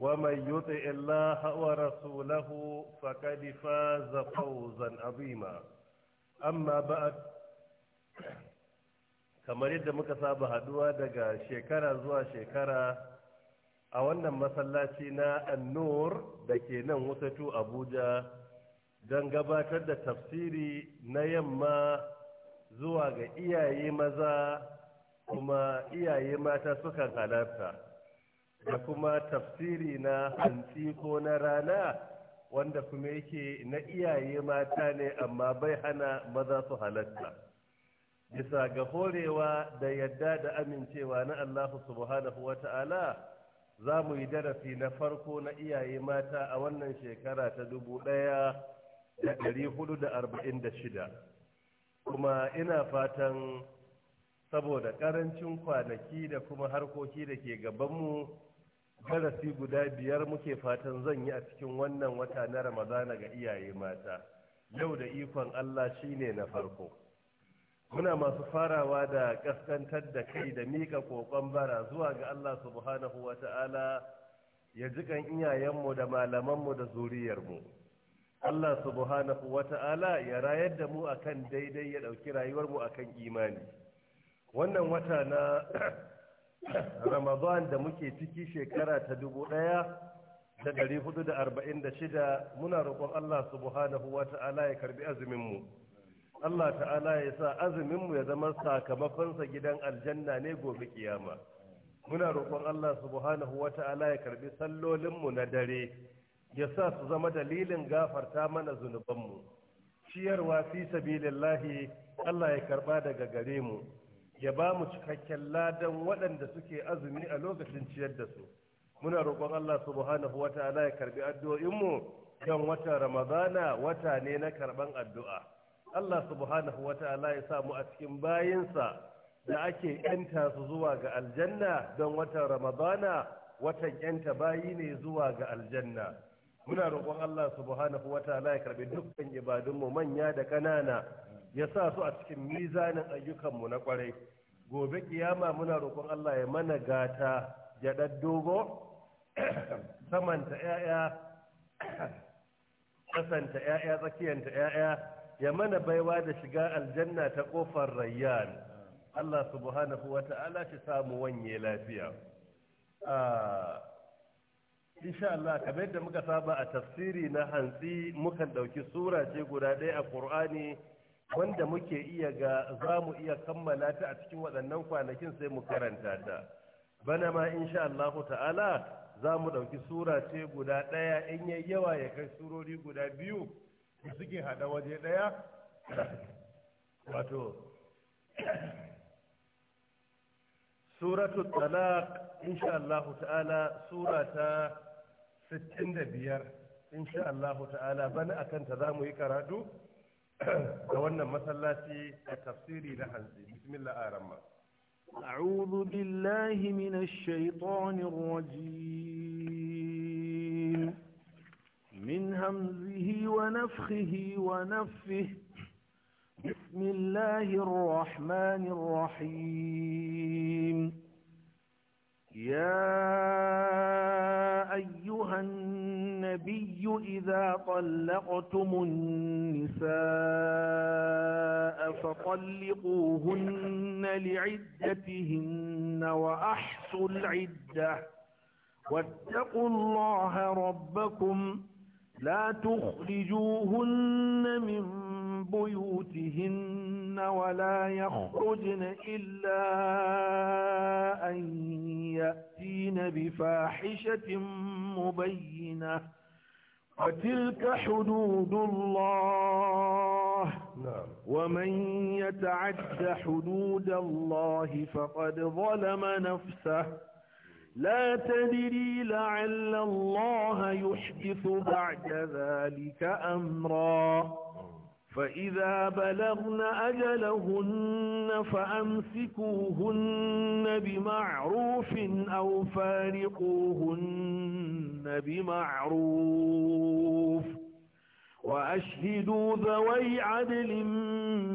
ومن يطع الله ورسوله فقد فاز فوزا عظيما اما بعد kamar yadda muka saba haduwa daga shekara zuwa shekara a wannan masallaci na annur da ke nan wutatu abuja don gabatar da tafsiri na yamma zuwa ga iyaye maza kuma iyaye mata sukan halarta da kuma tafsiri na hantsi ko na rana wanda kuma yake na iyaye mata ne amma bai hana maza su halatta bisa ga horewa da yadda da amincewa na Allah subhanahu wa ta'ala za mu yi darasi na farko na iyaye mata a wannan shekara ta dubu ɗaya da ɗari hudu da arba'in da shida kuma ina fatan saboda ƙarancin kwanaki da kuma harkoki da ke gabanmu darasi guda biyar muke fatan zan yi a cikin wannan wata na ramadana ga iyaye mata yau da ikon allah shine na farko muna masu farawa da kaskantar da kai da miƙa kokon bara zuwa ga allah subhanahu wa ta'ala ya kan iyayenmu da malamanmu da zuriyarmu allah subhanahu wa ta'ala ya rayar da mu akan daidai ya ɗauki rayuwarmu akan imani wannan wata na ramadan da muke ciki shekara ta dubu ɗaya da ɗari hudu da arba'in da shida muna roƙon Allah subhanahu wa ta'ala ya karbi azuminmu Allah ta'ala ya sa azuminmu ya zama sakamakonsa gidan aljanna ne gobe kiyama muna roƙon Allah subhanahu wa ta'ala ya karbi sallolinmu na dare ya sa su zama dalilin gafarta mana zunubanmu ciyarwa fi sabilillahi Allah ya karɓa daga gare mu ya ba mu cikakken ladan waɗanda suke azumi a lokacin ciyar da su muna roƙon Allah subhanahu wa ta'ala ya karbi addu'o'inmu kan watan Ramadana wata ne na karban addu'a Allah subhanahu wa ta'ala ya sa mu a cikin bayinsa da ake yanta su zuwa ga aljanna don watan Ramadana watan yanta bayi ne zuwa ga aljanna muna roƙon Allah subhanahu wa ta'ala ya karbi dukkan ibadunmu manya da ƙanana ya sa su a cikin mizanin ayyukanmu na kwarai gobe kiyama muna roƙon Allah ya mana gata ya dogo samanta 'ya'ya kasanta 'ya'ya tsakiyanta 'ya'ya ya mana baiwa da shiga aljanna ta ƙofar rayyan Allah subhanahu wa ta'ala shi samu wanye lafiya ah, insha Allah kamar yadda muka saba a tafsiri na hantsi mukan ɗauki sura ce guda ɗaya a ƙur'ani wanda muke iya ga za mu iya kammala ta a cikin waɗannan kwanakin sai mu karanta ta bana ma insha Allah ta'ala za mu ɗauki sura ce guda ɗaya in yayi yawa ya kai surori guda biyu da suke haɗa waje ɗaya wato suratul talaq insha Allah ta'ala sura ta 65 insha Allah ta'ala bana akan ta za mu yi karatu da wannan masallaci da tafsiri na hanzi bismillah arama أعوذ بالله من الشيطان الرجيم من همزه ونفخه ونفه بسم الله الرحمن الرحيم يا أيها النبي إذا طلقتم النساء فطلقوهن لعدتهن وأحصوا العدة واتقوا الله ربكم لا تخرجوهن من بيوتهن ولا يخرجن إلا أن يأتين بفاحشة مبينة وتلك حدود الله نعم. ومن يتعد حدود الله فقد ظلم نفسه لا تدري لعل الله يحدث بعد ذلك أمرا فإذا بلغن أجلهن فأمسكوهن بمعروف أو فارقوهن بمعروف وأشهدوا ذوي عدل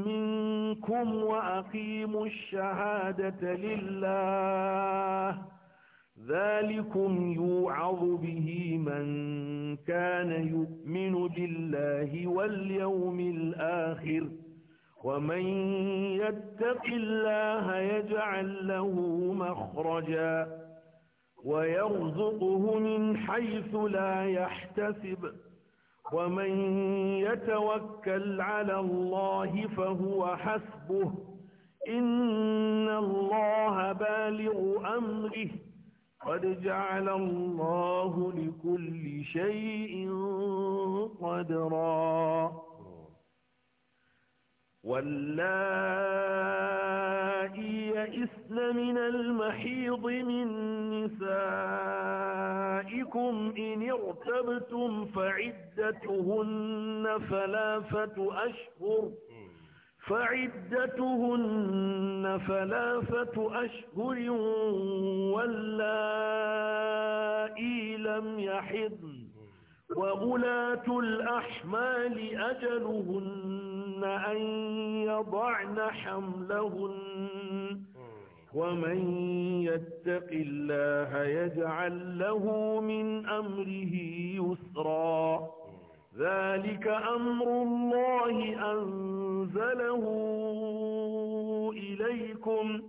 منكم وأقيموا الشهادة لله ذلكم يوعظ به من كان يؤمن بالله واليوم الآخر ومن يتق الله يجعل له مخرجا ويرزقه من حيث لا يحتسب ومن يتوكل على الله فهو حسبه إن الله بالغ أمره قد جعل الله لكل شيء قدرا واللائي يئسن من المحيض من نسائكم إن ارتبتم فعدتهن ثلاثة أشهر فعدتهن ثلاثة أشهر واللائي لم يحضن وأولاة الأحمال أجلهن أن يضعن حملهن ومن يتق الله يجعل له من أمره يسرا ذلك أمر الله أنزله إليكم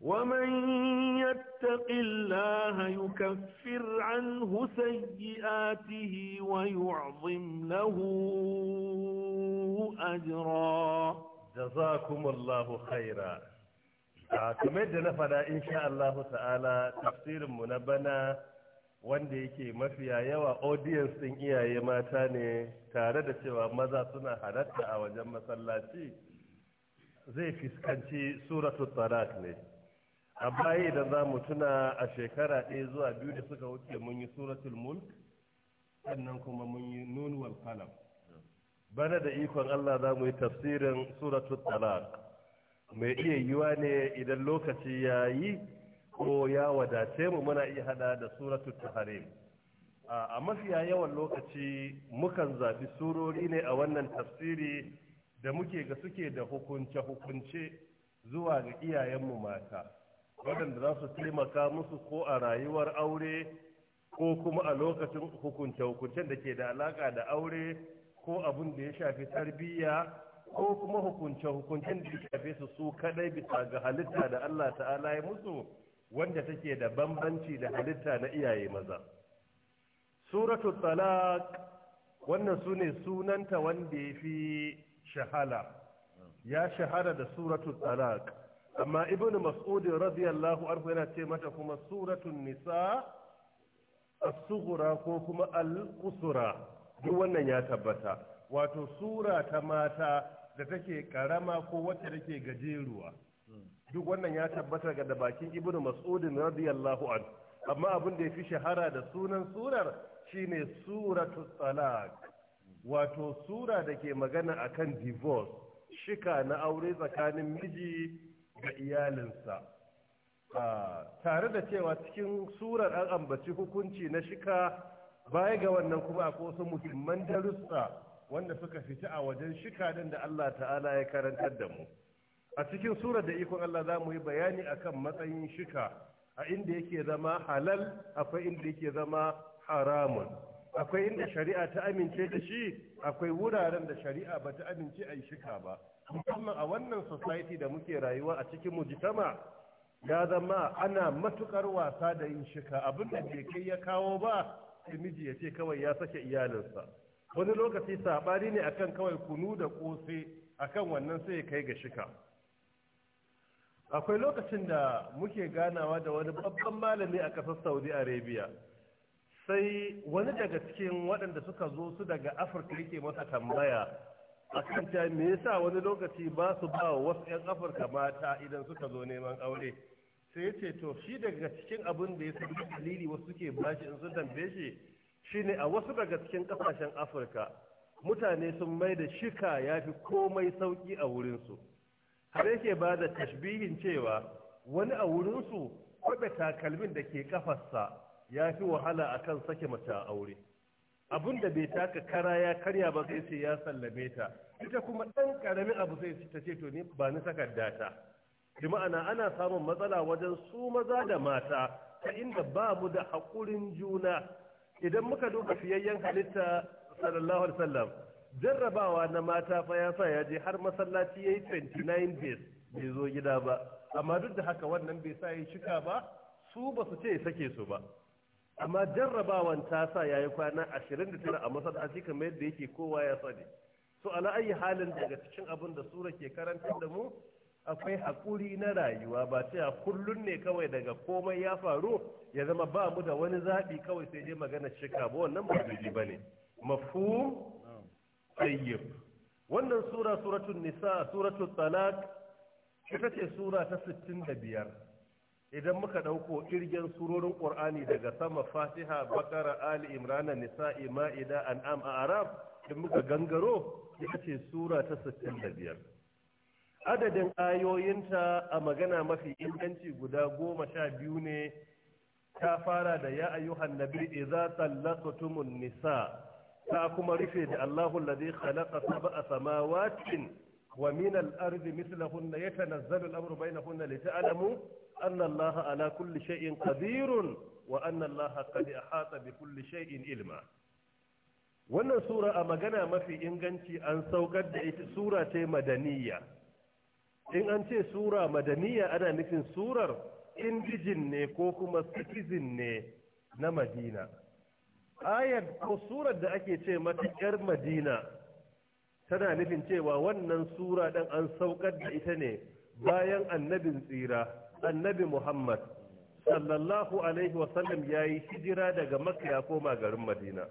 ومن يتق الله يكفر عنه سيئاته ويعظم له أجرا جزاكم الله خيرا آه، كما جنفنا إن شاء الله تعالى تفسير منبنا wanda yake mafiya yawa audience din iyaye mata ne tare da cewa maza suna halatta a wajen masallaci zai fiskanci suratu talak ne a baya idan za mu tuna a shekara ɗaya zuwa biyu da suka wuce mun yi suratul mulk sannan kuma mun yi nun wal bana da ikon Allah za mu yi tafsirin suratul talak mai iya yiwa ne idan lokaci ya yi ko ya wadace mu muna iya hada da suratul tahrim a mafiya yawan lokaci mukan zafi surori ne a wannan tafsiri da muke ga suke da hukunce hukunce zuwa ga iyayenmu mata waɗanda za su taimaka musu ko a rayuwar aure ko kuma a lokacin hukunce hukuncen da ke da alaƙa da aure ko abin da ya shafi tarbiyya ko kuma hukunce hukuncen da ya shafe su su kadai bisa ga halitta da Allah ta'ala ya musu wanda take da bambanci da halitta na iyaye maza suratu talaq wannan sune sunanta wanda ya fi shahala ya shahara da suratu talaq amma ibn mas'ud radiyallahu anhu yana ce mata kuma suratun nisa as ko kuma al-qusra duk wannan ya tabbata wato sura ta mata da take karama ko wacce take gajeruwa duk wannan ya tabbatar ga da bakin ibnu mas'udin radiyallahu an amma abin da ya fi shahara da sunan surar shine suratu talaq wato sura da ke magana akan divorce shika na aure tsakanin miji ga iyalinsa tare da cewa cikin surar an ambaci hukunci na shika baya ga wannan kuma akwai wasu muhimman darussa wanda suka fita a wajen shika din da Allah ta'ala ya karantar da mu a cikin surar da ikon Allah za mu yi bayani akan matsayin shika a inda yake zama halal akwai inda yake zama haramun akwai inda shari'a ta amince da shi akwai wuraren da shari'a ba ta amince a yi shika ba musamman a wannan society da muke rayuwa a cikin mujitama ya zama ana matukar wasa da yin shika abin da bai kai ya kawo ba miji ya ce kawai ya sake iyalinsa wani lokaci saɓari ne akan kawai kunu da kose akan wannan sai ya kai ga shika akwai lokacin da muke ganawa da wani babban malami a ƙasar saudi arabia sai wani daga cikin waɗanda suka zo su daga afirka yake masa tambaya a kan ta me yasa wani lokaci ba su ba wa wasu 'yan afirka mata idan suka zo neman aure sai ya ce to shi daga cikin abin da ya sami dalili wasu suke bashi in sun tambaye shi shine a wasu daga cikin kasashen afirka mutane sun mai da shika ya fi komai sauki a wurinsu har yake ba da tashbihin cewa wani a wurinsu kwaɓe takalmin da ke kafarsa ya fi wahala a kan sake mace a aure abin da bai taka kara ya karya ba zai ce ya sallame ta ita kuma ɗan ƙaramin abu zai ta ce to ni ba ni takarda ta bi ma'ana ana samun matsala wajen su maza da mata ta inda ba mu da haƙurin juna idan muka duba fiyayyen halitta sallallahu alaihi wasallam jarrabawa na mata fa ya sa ya je har masallaci ya yi 29 days bai zo gida ba amma duk da haka wannan bai sa ya cika ba su ba su ce sake su ba amma jarrabawan ta sa ya yi kwana 29 a masallaci kamar yadda yake kowa ya sani to ala ayi halin daga cikin abin da sura ke karantar da mu akwai haƙuri na rayuwa ba a kullun ne kawai daga komai ya faru ya zama ba mu da wani zaɓi kawai sai dai magana shika ba wannan ba ne mafhum tayyib wannan sura suratul nisa suratul talaq ita ce sura ta 65 idan muka dauko kirgen surorin qur'ani daga sama fatiha bakara ali imran nisa'i ma'ida an'am arab idan muka gangaro ita ce sura ta 65 adadin ayoyinta a magana mafi inganci guda goma sha biyu ne ta fara da ya ayyuhan nabi idza tallaqtumun nisa' ta kuma rufe da Allahu alladhi khalaqa sab'a samawatin wa min al-ardi mithlahunna yatanazzalu al-amru bainahunna lita'lamu anna Allaha ala kulli shay'in qadirun wa anna Allaha qad ahata bi kulli shay'in ilma wannan sura a magana mafi inganci an saukar da ita sura ce madaniya in an ce sura madaniya ana nufin surar indijin ne ko kuma citizen ne na madina ayar ko surar da ake ce mata yar madina tana nufin cewa wannan sura dan an saukar da ita ne bayan annabin tsira annabi muhammad sallallahu alaihi wasallam ya yi hijira daga makka ya koma garin madina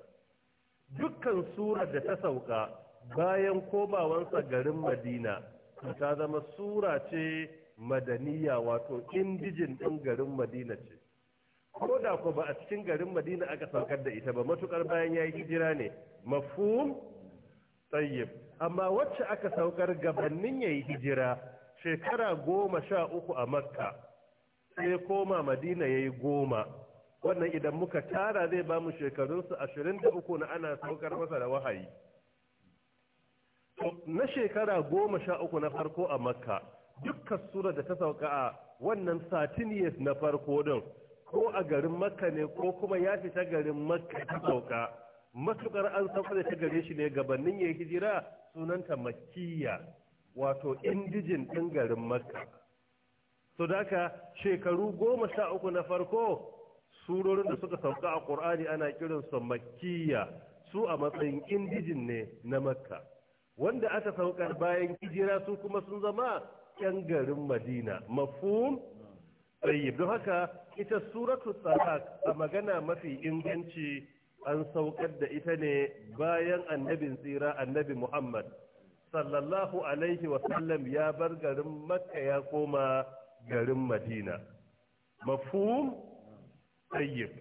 dukkan surar da ta sauka bayan komawansa garin madina ta zama sura ce madaniya wato indijin ɗin garin madina ce ko da ko ba a cikin garin madina aka saukar da ita ba matukar bayan ya yi hijira ne mafhum tsayyib amma wacce aka saukar gabanin ya yi hijira shekara goma sha uku a makka sai koma madina ya yi goma wannan idan muka tara zai ba mu shekarunsu ashirin da uku na ana saukar masa da wahayi na shekara goma sha uku na farko a makka dukkan sura da ta sauka a wannan 13 years na farko din ko a garin makka ne ko kuma ya fita garin makka ta sauka matukar an sauka da ta gare shi ne gabanin ya hijira sunanta Makiya, wato indijin ɗin garin makka to daka shekaru goma sha uku na farko surorin da suka sauka a ƙur'ani ana kiransu makkiya su a matsayin indijin ne na makka wanda aka sauka bayan hijira su kuma sun zama 'yan garin madina mafhum tsayyib don haka ita suratu talaq a magana mafi inganci an saukar da ita ne bayan annabin tsira annabi muhammad sallallahu alaihi wa sallam, ya bar garin makka ya koma garin madina mafhum tayyib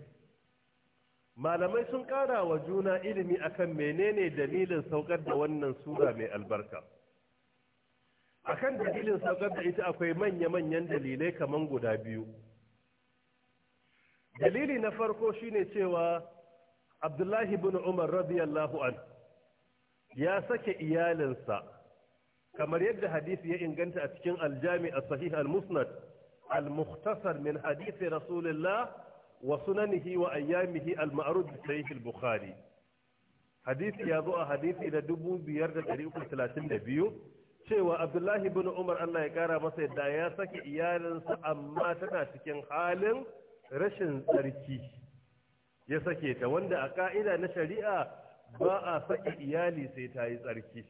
malamai sun kara wa juna ilimi akan menene dalilin saukar da wannan sura mai albarka akan dalilin saukar da ita akwai manya-manyan dalilai kaman guda biyu dalili na farko shine cewa abdullahi bin umar radiyallahu an ya sake iyalinsa kamar yadda hadisi ya inganta a cikin aljami a sahih al-musnad al-mukhtasar min hadisi rasulullah wa sunanihi wa ayyamihi al-ma'ruf bi sahih al-bukhari hadisi ya zo a hadisi da 2332 cewa abdullahi bin umar Allah ya kara masa yadda ya sake iyalinsa amma tana cikin halin rashin tsarki ya sake ta wanda a ka'ida na shari'a ba a saki iyali sai ta yi tsarki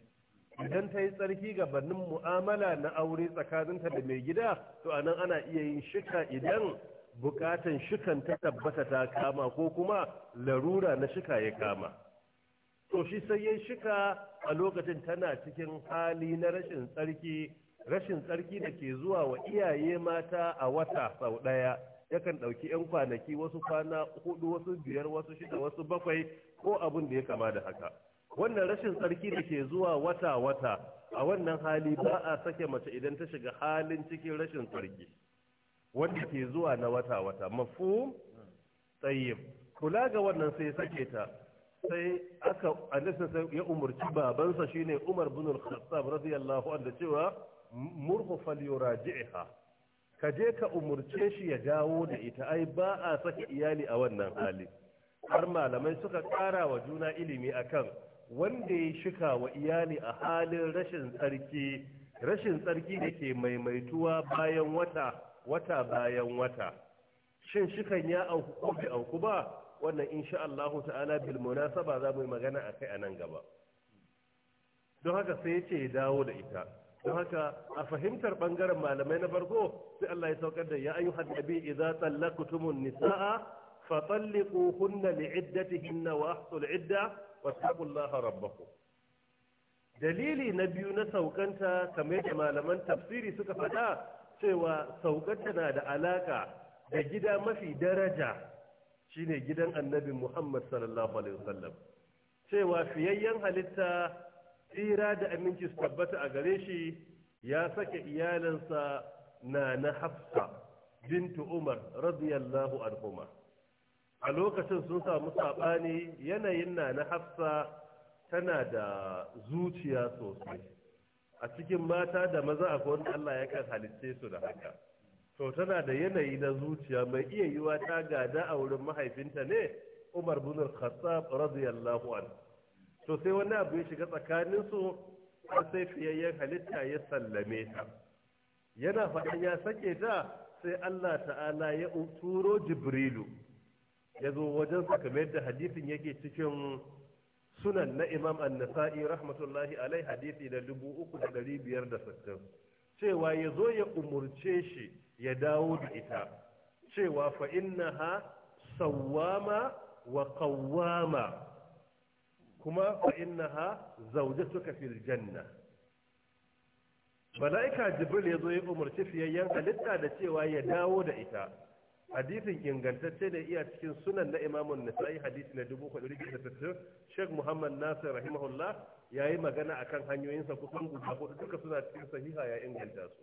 idan ta yi tsarki gabanin mu'amala na aure tsakaninta da mai gida to anan ana iya yin shika idan bukatan shikan ta tabbata ta kama ko kuma larura na shika ya kama to shi sai yin shika a lokacin tana cikin hali na rashin tsarki rashin tsarki da ke zuwa wa iyaye mata a wata sau ɗaya yakan ɗauki 'yan kwanaki wasu kwana hudu wasu biyar wasu shida wasu bakwai ko abin da ya kama da haka wannan rashin tsarki da ke zuwa wata-wata a wannan hali ba a sake mace idan ta shiga halin cikin rashin tsarki wanda ke zuwa na wata-wata mafu tsayyib kula ga wannan sai sake ta sai aka sai ya umarci babansa shine Umar bin Al-Khattab radiyallahu anhu cewa murhu falyuraji'ha ka je ka umurce shi ya dawo da ita ai ba a saka iyali a wannan hali har malamai suka ƙara wa juna ilimi akan wanda ya shika wa iyali a halin rashin tsarki rashin tsarki da ke maimaituwa bayan wata wata bayan wata shin shikan ya auku ko bai auku ba wannan insha Allah ta'ala bil munasaba za mu yi magana akai a nan gaba don haka sai ya ce ya dawo da ita don haka a fahimtar bangaren malamai na farko sai Allah ya saukar da ya ayyuhan nabi idza tallaqtumun nisaa fa talliquhunna li'iddatihinna wa ahsul idda wattaqullaha rabbakum dalili na biyu na saukanta kamar da malaman tafsiri suka faɗa cewa saukanta na da alaka da gida mafi daraja shine gidan annabi Muhammad sallallahu alaihi wasallam cewa fiyayyen halitta tsira da aminci su tabbata a gare shi ya saka iyalansa na na hafsa bintu umar radiyallahu anhuma a lokacin sun samu saɓani yanayin na na hafsa tana da zuciya sosai a cikin mata da maza a wanda Allah ya kan halicce su da haka to tana da yanayi na zuciya mai iya yiwa ta gada a wurin mahaifinta ne Umar bin Khattab radiyallahu anhu to sai wani abu ya shiga tsakaninsu har sai fiyayyen halitta ya sallame ta yana faɗin ya sake ta sai Allah ta'ala ya turo jibrilu ya zo wajen kamar yadda hadisin yake cikin sunan na imam an-nasa'i rahmatullahi alai hadisi da sittin. cewa ya zo ya umurce shi ya dawo da ita cewa fa innaha sawwama wa qawwama kuma ha innaha suka fil janna mala'ika jibril ya zo ya umarci fiyayyen halitta da cewa ya dawo da ita hadisin ingantacce da iya cikin sunan na imamun nisa'i hadisi na 4,460 sheikh muhammad nasir rahimahullah ya yi magana akan hanyoyinsa kusan guda hudu duka suna cikin sahiha ya inganta su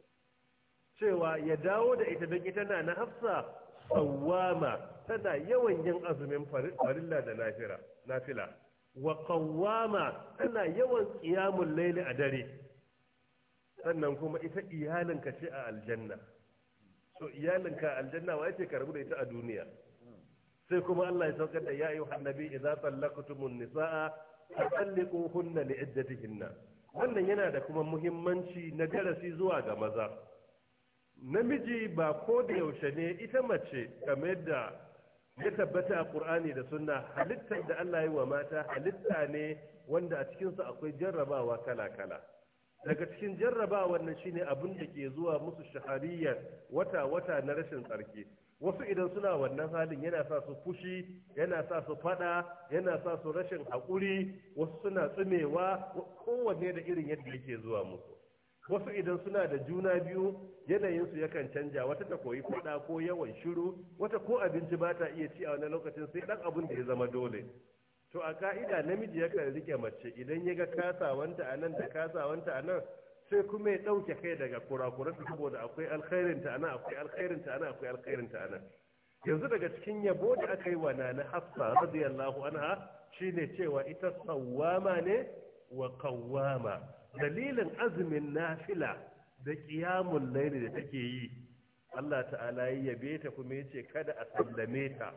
cewa ya dawo da ita don ita na na hafsa sawama tana yawan yin azumin farilla da nafila wa qawwama tana yawan qiyamul layli a dare sannan kuma ita iyalinka ce a aljanna so iyalinka a aljanna wa yake karbu da ita a duniya sai kuma Allah ya saukar da ya yi hannabi idza tallaqtumun nisaa fatalliquhunna li'iddatihinna wannan yana da kuma muhimmanci na darasi zuwa ga maza namiji ba ko da yaushe ne ita mace kamar da. ya tabbata a ƙur'ani da sunna halittar da Allah yi wa mata halitta ne wanda a cikinsu akwai jarrabawa kala-kala daga cikin jarrabawa nan shine abin da ke zuwa musu shahariyar wata-wata na rashin tsarki wasu idan suna wannan halin yana sa su fushi yana sa su fada yana sa su rashin haƙuri wasu suna tsumewa kowanne da irin yadda yake zuwa musu wasu idan suna da juna biyu yanayinsu yakan canja wata ta koyi fada ko yawan shiru wata ko abinci ba ta iya ci a wani lokacin sai dan abin da ya zama dole to a ka'ida namiji yakan rike mace idan ya ga kasawanta a nan da kasawanta a nan sai kuma ya ɗauke kai daga kurakuranta saboda akwai alkhairinta a nan akwai alkhairinta a nan akwai alkhairinta a nan yanzu daga cikin yabo da aka yi wa nana hafsa radiyallahu anha shine cewa ita sawwama ne wa qawwama dalilin azumin nafila da ƙiyamun laili da take yi Allah ta'ala ya yabe ta kuma ya ce kada a sallame ta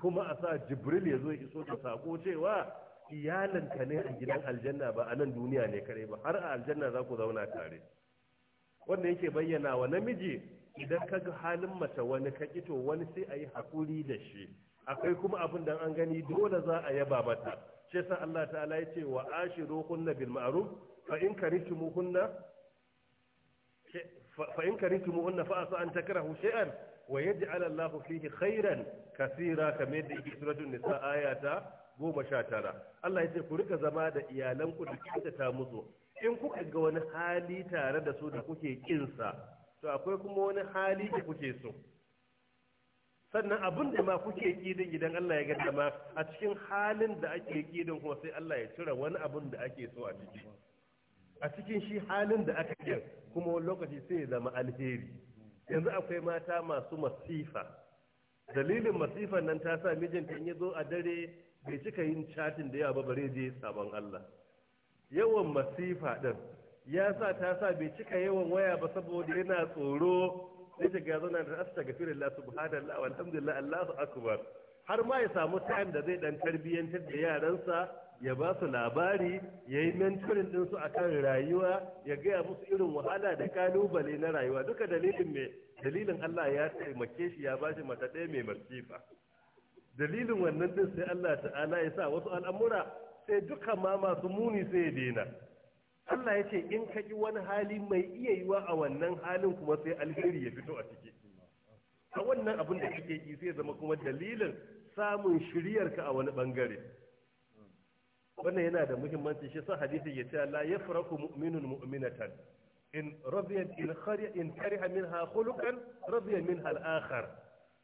kuma a sa jibril ya zo ya iso ta sako cewa iyalinka ne a gidan aljanna ba a nan duniya ne kare ba har a aljanna za ku zauna tare wanda yake bayyana wa namiji idan ka ga halin mace wani ka kito wani sai ayi yi haƙuri da shi akwai kuma abin da an gani dole za a yaba mata shi yasa Allah ta'ala ya ce wa ashiru kunna bil ma'ruf fa'in karitumunna fa'asa an takrahu shay'an wa yaj'al Allahu fihi khairan kaseera kamar yadda yake suratul nisa ayata tara. Allah ya ce ku rika zama da iyalanku da ta musu in kuka ga wani hali tare da su da kuke kinsa to akwai kuma wani hali da kuke so sannan abin da ma kuke kidin idan Allah ya ga ma a cikin halin da ake kidin kuma sai Allah ya cire wani abin da ake so a ciki a cikin shi halin da aka yi kuma wani lokaci sai ya zama alheri yanzu akwai mata masu masifa dalilin masifan nan ta sa mijinta in ya zo a dare bai cika yin catin da yawa ba bare je sabon Allah yawan masifa ɗin ya sa ta sa bai cika yawan waya ba saboda yana tsoro sai ta gazo zauna da asta gafirullah subhanallah walhamdulillah Allahu akbar har ma ya samu time da zai dan tarbiyyantar da yaransa ya ba su labari ya yi mentorin ɗinsu a kan rayuwa ya gaya musu irin wahala da kalubale na rayuwa duka dalilin mai dalilin Allah ya taimake shi ya ba shi mata ɗaya mai masifa. dalilin wannan din sai Allah ta'ala ya sa wasu al'amura sai duka ma masu muni sai ya daina Allah ya ce in ka ƙi wani hali mai iya yiwa a wannan halin kuma sai alheri ya fito a ciki a wannan abin da kake ƙi sai zama kuma dalilin samun shiryarka a wani bangare wannan yana da muhimmanci shi sa hadisi ya ce ya faraku mu'minun mu'minatan in radiya in khari in kariha minha khuluqan radiya minha al-akhar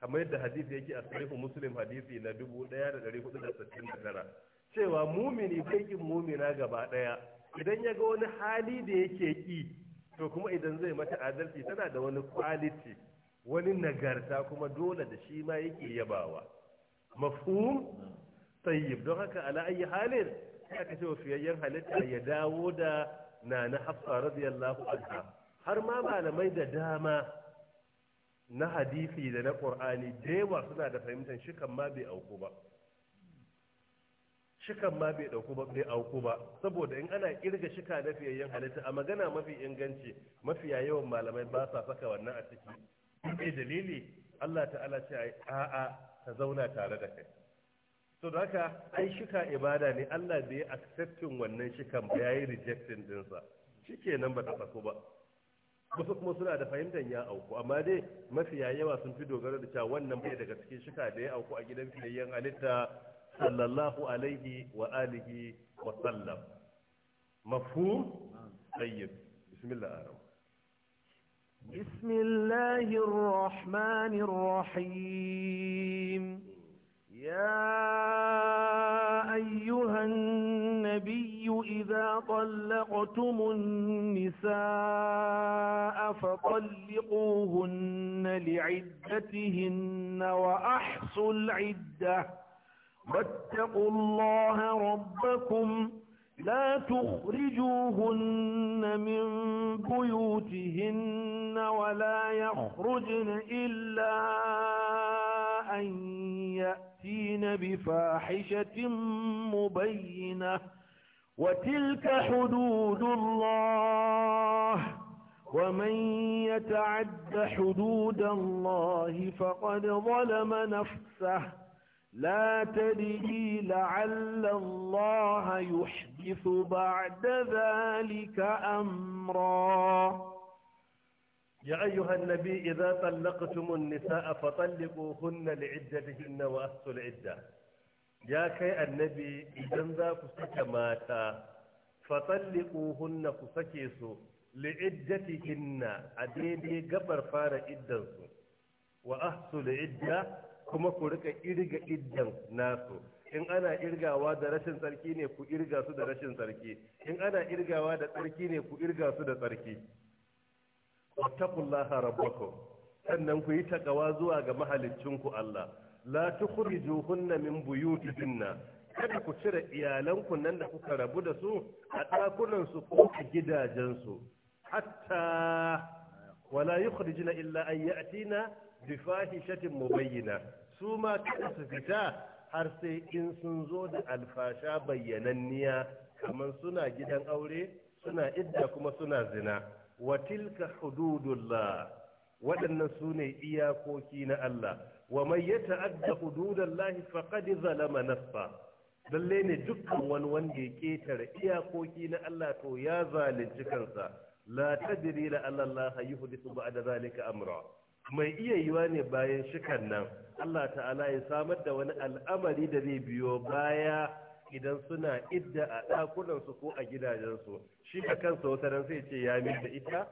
amma yadda hadisi yake a sahih muslim hadisi na 1469 cewa mumini bai kin mumina gaba daya idan ya ga wani hali da yake ki to kuma idan zai mata adalci tana da wani quality wani nagarta kuma dole da shi ma yake yabawa mafhum tayyib don haka ala ayi halin sai aka ce wa halitta ya dawo da na na hafsa radiyallahu anha har ma malamai da dama na hadisi da na qur'ani dewa suna da fahimtar shikan ma bai auku ba shikan ma bai dauku ba bai auku ba saboda in ana kirga shika na fiyayyen halitta a magana mafi inganci mafiya yawan malamai ba sa saka wannan a ciki dalili Allah ta'ala ce a'a ta zauna tare da kai so da haka ai shika ibada ne Allah da ya accepting wannan shikan ba yayi rejecting din sa shikenan ba ta sako ba wasu kuma suna da fahimtar ya auku amma dai mafi yawa sun fi dogara da cewa wannan bai daga cikin shika da ya auku a gidan fiyayyen halitta sallallahu alaihi wa alihi wa sallam mafhum tayyib bismillah aram بسم الله الرحمن يا أيها النبي إذا طلقتم النساء فطلقوهن لعدتهن وأحصوا العدة واتقوا الله ربكم لا تخرجوهن من بيوتهن ولا يخرجن إلا أن يأتين بفاحشة مبينة وتلك حدود الله ومن يتعد حدود الله فقد ظلم نفسه لا تدري لعل الله يحدث بعد ذلك أمرا يا أيها النبي إذا طلقتم النساء فطلقوهن لعدتهن وأحصوا العدة يا كي النبي إذا ذاك كسك ماتا فطلقوهن كسكيسو لعدتهن أديدي قبر فار إدنسو وأحصوا العدة kuma ku rika irga iddan nasu in ana irgawa da rashin tsarki ne ku irga su da rashin tsarki in ana irgawa da tsarki ne ku irga su da tsarki wattaqullaha rabbakum sannan ku yi takawa zuwa ga ku Allah la tukhrijuhunna min buyutihinna kada ku cire iyalanku nan da kuka rabu da su a dakunan su ko a gidajensu hatta wala yukhrijna illa an ya'tina bi fahishatin mubayyinah su ma kada su fita har sai in sun zo da alfasha bayyananniya kamar suna gidan aure suna idda kuma suna zina wa tilka hududullah waɗannan su ne iyakoki na Allah wa mai ya ta'adda hududallahi faqad zalama nafsa lalle ne dukkan wani wanda ya ketare iyakoki na Allah to ya zalunci kansa la tadri la Allah yuhdithu ba'da zalika amra mai iya yiwa ne bayan shikan nan Allah ta'ala ya samar da wani al'amari da zai biyo baya idan suna idda a ɗakunansu ko a gidajensu shi a kansa wata ran sai ce ya da ita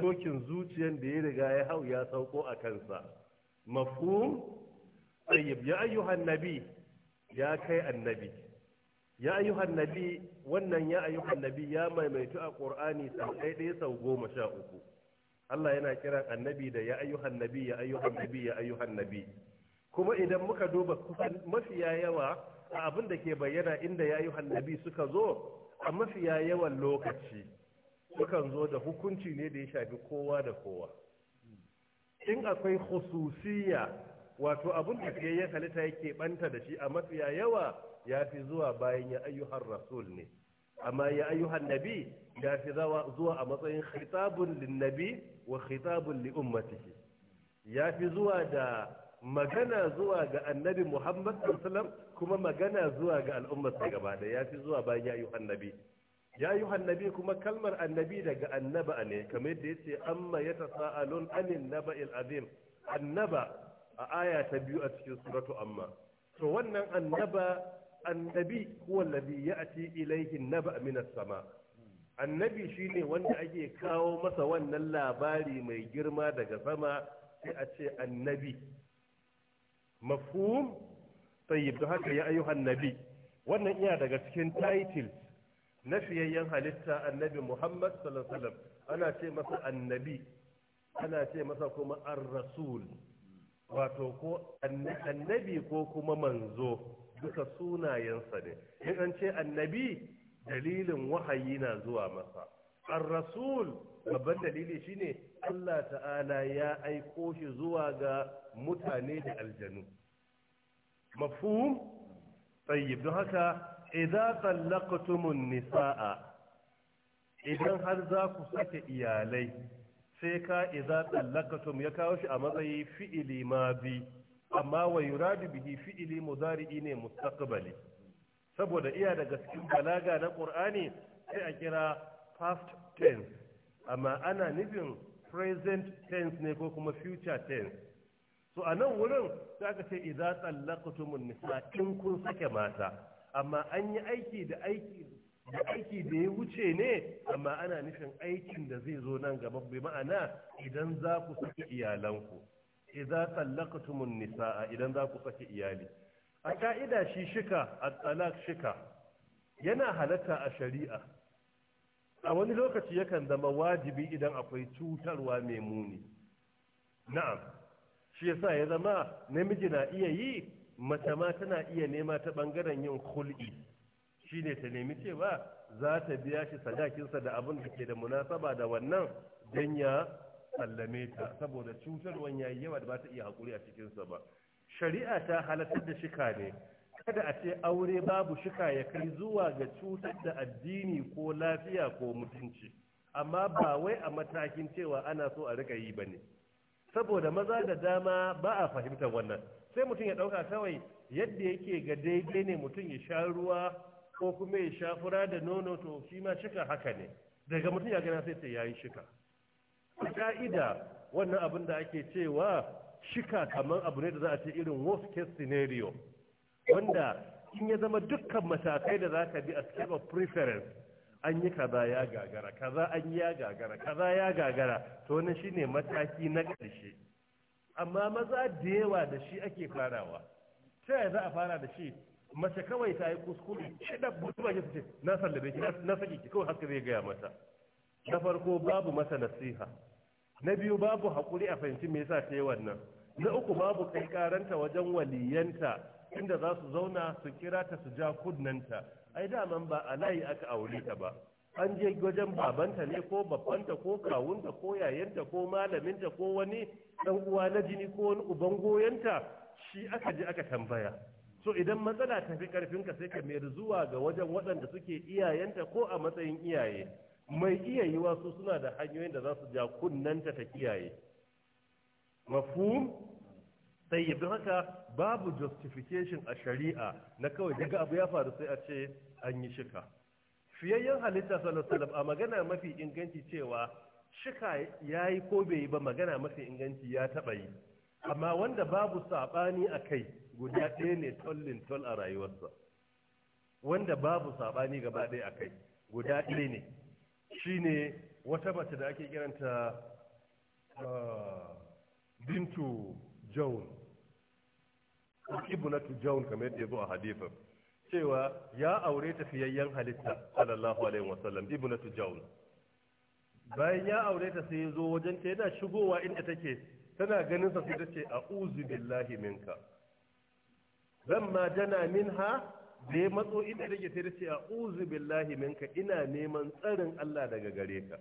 dokin zuciyar da ya riga ya hau ya sauko a kansa mafhum tayyib ya ayyuhan nabi ya kai annabi ya ayyuhan nabi wannan ya ayyuhan nabi ya maimaitu a qur'ani sau ɗaya sau goma sha uku Allah yana kiran annabi da ya ayyuhan nabi ya ayyuhan nabi ya ayyuhan nabi kuma idan muka duba kusan mafiya yawa a abin da ke bayyana inda ya ayyuhan nabi suka zo a mafiya yawan lokaci sukan zo da hukunci ne da ya shafi kowa da kowa in akwai hususiya wato abin da ke ya halitta yake banta da shi a mafiya yawa ya fi zuwa bayan ya ayyuhan rasul ne amma ya ayyuhan nabi ya fi zuwa a matsayin khitabun nabi. wa khitabun li ummatihi ya fi zuwa da magana zuwa ga annabi Muhammad sallam kuma magana zuwa ga al'ummarsa gaba da ya fi zuwa bayan ya yi annabi ya yi annabi kuma kalmar annabi daga annaba ne kamar yadda yace amma yatasaalun anin naba'il azim annaba a aya ta biyu a cikin suratu amma to wannan annaba annabi huwa alladhi ya'ti ilayhi naba' min as-sama' annabi shi ne wanda ake kawo masa wannan labari mai girma daga sama sai a ce annabi mafhum tayyib da haka ya ayyuhan annabi wannan iya daga cikin title na fiyayyen halitta annabi muhammad sallallahu alaihi wasallam ana ce masa annabi ana ce masa kuma ar-rasul wato ko annabi ko kuma manzo duka sunayensa ne in an ce annabi dalilin wahayi na zuwa masa ar-rasul babban dalili shine Allah ta'ala ya aiko shi zuwa ga mutane da aljanu mafhum tayyib don haka idza tallaqtumun nisaa idan har za ku sake iyalai sai ka idza tallaqtum ya kawo shi a matsayi fi'ili ma bi amma wa yuradu bihi fi'ili mudari'i ne mustaqbali saboda iya daga cikin balaga na ƙur'ani sai a kira past tense amma ana nufin present tense ne ko kuma future tense so a nan wurin za ka ce idza nisa in kun sake mata amma an yi aiki da aiki da aiki da ya wuce ne amma ana nufin aikin da zai zo nan gaba bai ma'ana idan za ku saki iyalanku idza tsallaqtumun nisa idan za ku saki iyali a ka'ida shi shika a talak shika yana halatta a shari'a a wani lokaci yakan zama wajibi idan akwai cutarwa mai muni na'am shi yasa ya zama namiji na iya yi mace ma tana iya nema ta bangaren yin hul'i shine ta nemi cewa za ta biya shi sadakinsa da abin da ke da munasaba da wannan don ya sallame ta saboda ya yi yawa da ba ta iya haƙuri a cikinsa ba shari'a ta halartar da shika ne kada a ce aure babu shika ya kai zuwa ga cutar da addini ko lafiya ko mutunci amma ba wai a matakin cewa ana so a rika yi ba ne saboda maza da dama ba a fahimtar wannan sai mutum ya ɗauka kawai yadda yake ga daidai ne mutum ya sha ruwa ko kuma ya sha fura da nono to shi ma shika haka ne daga mutum ya gana sai sai ya yi shika a ka'ida wannan abin da ake cewa shika kamar abu ne da za a ce irin worst case scenario wanda in ya zama dukkan matakai da za ka bi a scale of preference an yi kaza ya gagara kaza an yi ya gagara kaza ya gagara to wannan shine mataki na ƙarshe amma maza da yawa da shi ake farawa ta yaya za a fara da shi mace kawai ta yi kuskure Shi da mutuwa ba ce na sallabe ki na saki ki kawai haka zai gaya mata na farko babu masa nasiha na biyu babu haƙuri a fahimci me yasa ta yi wannan na uku babu kai karanta wajen waliyanta inda za su zauna su kira ta su ja kunnanta ai daman ba a layi aka aure ta ba an je wajen babanta ne ko babbanta ko kawunta ko yayanta ko malaminta ko wani dan uwa na jini ko wani uban goyanta shi aka je aka tambaya so idan matsala ta fi karfinka sai ka mayar zuwa ga wajen waɗanda suke iyayenta ko a matsayin iyaye mai iya yi wasu suna da hanyoyin da za su ja kunnanta ta kiyaye mafhum sai yi haka babu justification a shari'a na kawai daga abu ya faru sai a ce an yi shika fiyayyen halitta sallallahu alaihi a magana mafi inganci cewa shika ya yi ko bai yi ba magana mafi inganci ya taba yi amma wanda babu sabani a kai guda ɗaya ne tollin toll a rayuwarsa wanda babu sabani gaba ɗaya a kai guda ɗaya ne shine wata mace da ake kiranta ah, bintu jaun ibnatu jaun kamar yadda ya zo a hadithin cewa ya aure tafiyayyen halitta sallallahu alaihi wasallam ibnatu jaun bayan ya aure ta sai zo wajen ta yana shigowa inda take tana ganin sa sai ta ce a'udhu billahi minka lamma jana minha da matso ina take ta ce a uzu billahi minka ina neman tsarin Allah daga gare ka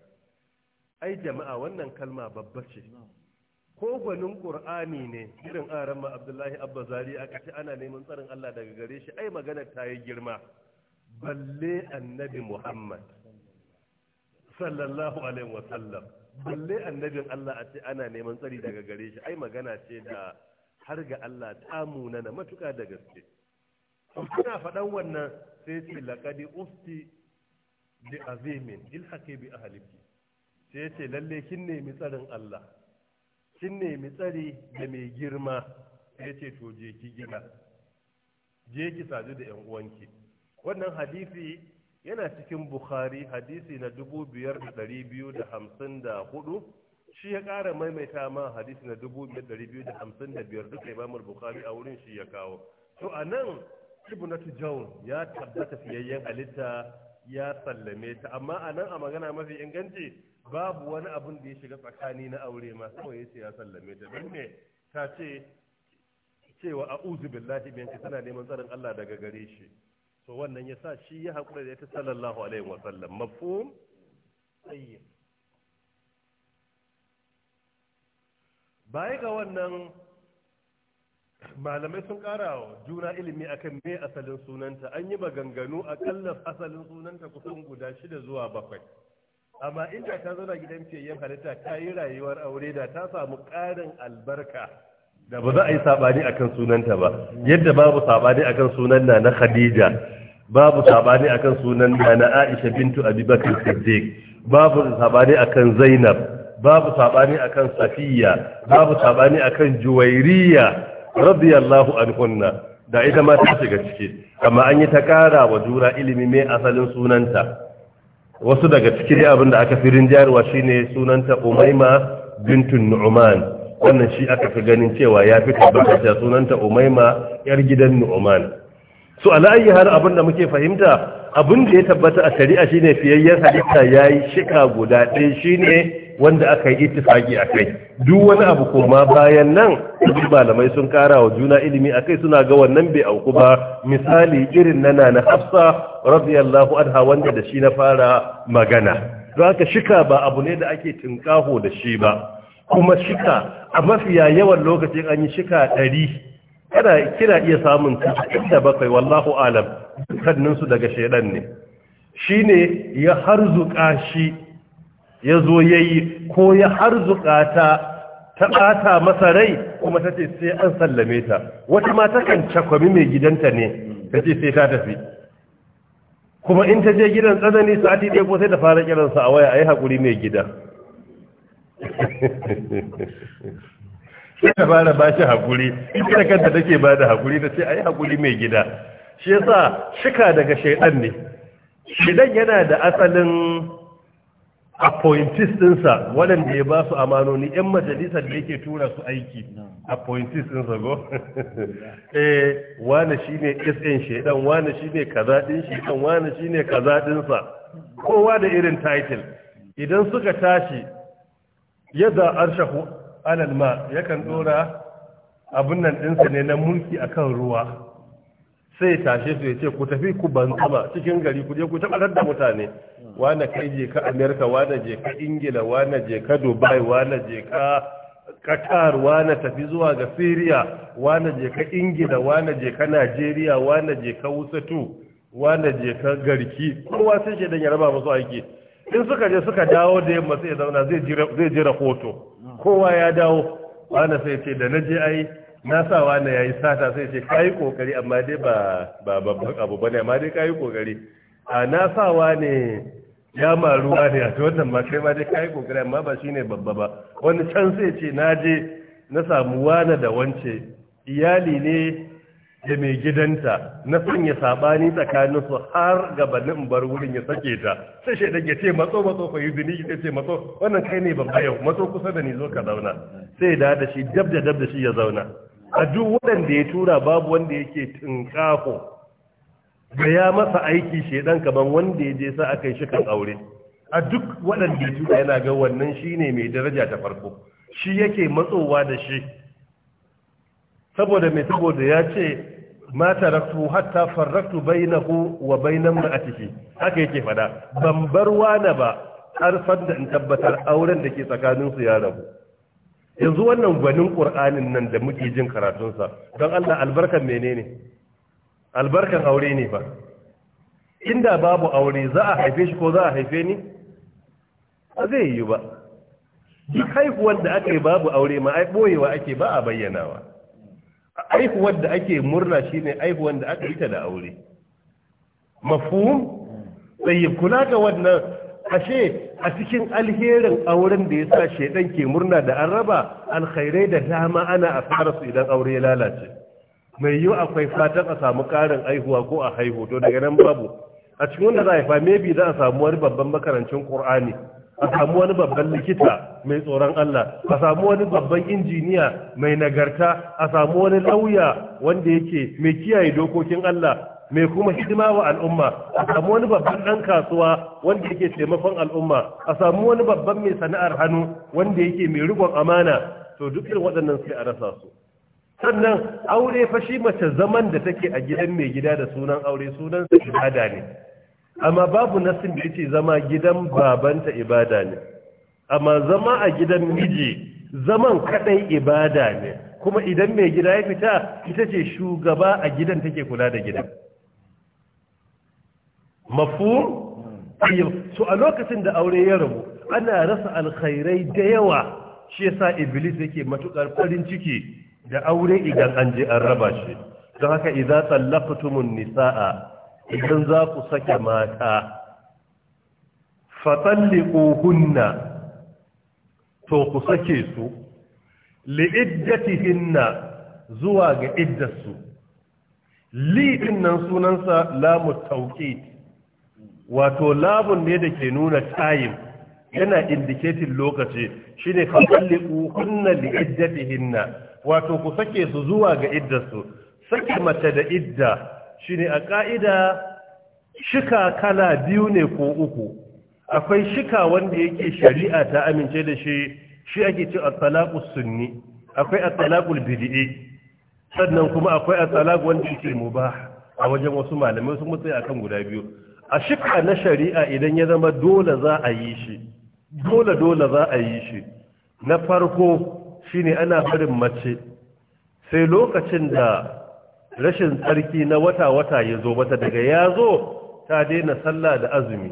ai jama'a wannan kalma babba ce ko gwanin qur'ani ne irin aran ma abdullahi abbazari aka ce ana neman tsarin Allah daga gare shi ai magana ta yi girma balle annabi muhammad sallallahu alaihi wa sallam balle annabin Allah a ce ana neman tsari daga gare shi ai magana ce da har ga Allah ta munana matuka da gaske to kuna faɗan wannan sai ce laƙadi usti bi azimin ilhaƙi bi ahliki sai ce lalle kin nemi tsarin Allah kin nemi tsari da mai girma sai ce to je ki gida je ki sadu da yan uwanki wannan hadisi yana cikin bukhari hadisi na dubu biyar da da da biyu hamsin hudu shi ya ƙara maimaita ma hadisi na dubu biyar biyu da da hamsin biyar duka imamul bukhari a wurin shi ya kawo to a nan ibnatu jawn ya tabbata fiyayyen halitta ya sallame ta amma a nan a magana mafi inganci babu wani abun da ya shiga tsakani na aure ma kawai ya ce ya sallame ta don ne ta ce cewa a'udhu billahi min tana neman tsarin Allah daga gare shi to wannan ya sa shi ya haƙura da ita sallallahu alaihi wa sallam mafhum tayyib ga wannan malamai sun kara wa juna ilimi akan me asalin sunanta an yi maganganu a akalla asalin sunanta kusan guda shida zuwa bakwai amma inda ta zauna gidan fiyayyen halitta ta yi rayuwar aure da ta samu ƙarin albarka da ba za a yi saɓani akan sunanta ba yadda babu saɓani akan sunan na na khadija babu saɓani akan sunan na na aisha bintu abubakar siddiq babu saɓani akan zainab babu saɓani akan safiya babu saɓani akan juwairiya radiyallahu anhunna da ita ma ta shiga ciki amma an yi ta kara wa jura ilimi mai asalin sunanta wasu daga ciki dai abinda aka fi rinjarwa shine sunanta umaima bintun nu'man wannan shi aka fi ganin cewa ya fi tabbata sunanta umaima yar gidan nu'man su ala ayi har abinda muke fahimta Abinda ya tabbata a shari'a shine fiyayyen ya yayi shika guda ɗaya shine wanda aka yi ittifaki a kai duk wani abu koma bayan nan duk malamai sun kara wa juna ilimi akai suna ga wannan bai auku ba misali irin na na hafsa radiyallahu anha wanda da shi na fara magana don haka shika ba abu ne da ake tinkaho da shi ba kuma shika a mafiya yawan lokacin an yi shika ɗari kana kira iya samun da bakwai wallahu alam dukkaninsu daga shaidan ne shine ya harzuka shi ya zo ya yi ko ya har ta ta ɓata masa rai kuma ta ce sai an sallame ta wata ma ta kan cakwami mai gidanta ne ta ce sai ta tafi kuma in ta je gidan tsanani sa'ati ɗaya ko sai ta fara kiransa a waya a yi haƙuri mai gida sai ta fara ba shi haƙuri ita kanta take ba da haƙuri ta ce a yi haƙuri mai gida shi yasa shika daga shaiɗan ne shidan yana da asalin appointees ɗinsa waɗanda ya ba su amanoni 'yan majalisar da yake tura su aiki appointees ɗinsa go eh wane shi ne shaidan wane shi ne kaza ɗin shaidan wane shi ne kaza ɗinsa kowa da irin title idan suka tashi yadda arshahu alal ma yakan ɗora abin nan ɗinsa ne na mulki akan ruwa sai tashe su ya ce ku tafi ku ban cikin gari ku je ku tabbatar da mutane wane kai je ka amerika wane je ka ingila wane je ka dubai wane je ka qatar wane tafi zuwa ga syria wane je ka ingila wane je ka nigeria wane je ka wusatu wane je ka garki kowa sai shi dan ya raba musu aiki in suka je suka dawo da yamma sai ya zauna zai jira zai jira hoto kowa ya dawo wane sai ce da naje ai na sa wane yayi sata sai ce kai kokari amma dai ba ba babban abu bane amma dai kai kokari a na sawa ne ya maru ne a ta wannan ma kai ma dai kai kokari amma ba shine babba ba wani can sai ce na je na samu wani da wance iyali ne da mai gidanta na sanya sabani tsakanin su har gabanin bar wurin ya sake ta sai shaidan ya ce matso matso fa yi zini sai ce matso wannan kai ne babba yau matso kusa da ni zo ka zauna sai da da shi dab da dab da shi ya zauna a duk waɗanda ya tura babu wanda yake tinkafo da ya masa aiki shedan kamar wanda ya je sa aka yi shi kan aure a duk waɗanda ya yana ga wannan shine mai daraja ta farko shi yake matsowa da shi saboda mai saboda ya ce ma taraktu hatta farraktu bainahu wa bainan ma'atihi haka yake fada ban bar wani ba har sanda in tabbatar auren da ke tsakanin su ya rabu yanzu wannan gwanin qur'anin nan da muke jin karatunsa don Allah albarkar menene albarkan aure ne ba inda babu aure za a haife shi ko za a haife ni a zai yi ba duk haihuwar da aka yi babu aure ma ai boyewa ake ba a bayyanawa haihuwar da ake murna shine haihuwar da aka yi ta da aure mafhum yi kula ga wannan ashe a cikin alherin auren da ya yasa shaidan ke murna da an raba alkhairai da dama ana a su idan aure ya lalace mai yiwu akwai fatan a samu karin aihuwa ko a haihu to daga nan babu a cikin wanda za a haifa maybe za a samu wani babban makarancin ƙur'ani a samu wani babban likita mai tsoron Allah a samu wani babban injiniya mai nagarta a samu wani lauya wanda yake mai kiyaye dokokin Allah mai kuma hidima wa al'umma a samu wani babban ɗan kasuwa wanda yake taimakon al'umma a samu wani babban mai sana'ar hannu wanda yake mai riƙon amana to duk irin waɗannan sai a rasa su sannan aure fa shi mace zaman da take a gidan mai gida da sunan aure sunan sa ibada ne amma babu nasin da yace zama gidan babanta ibada ne amma zama a gidan miji zaman kadai ibada ne kuma idan mai gida ya fita ita ce shugaba a gidan take kula da gidan Mafu? a lokacin da aure ya rabu ana rasa alkhairai da yawa shi yasa iblis yake matukar farin ciki da aure idan an je an raba shi don haka idza tallaqtumun nisaa idan za ku sake mata fatalliquhunna to ku sake su li'iddatihinna zuwa ga iddarsu li dinnan sunansa lamu tawqit wato lamun ne da ke nuna tayin yana indicating lokaci shine fatalliquhunna li'iddatihinna wato ku sake su zuwa ga iddarsu sake mace da idda Shin a ƙa'ida shika kala biyu ne ko uku akwai shika wanda yake shari'a ta amince da shi shi ake ce at sunni akwai at-talaqul sannan kuma akwai at wanda yake muba? a wajen wasu malamai sun a akan guda biyu a shika na shari'a idan ya zama dole za a yi shi dole dole za a yi shi na farko shine ana barin mace sai lokacin da rashin tsarki na wata-wata ya zo mata daga ya zo ta daina sallah da azumi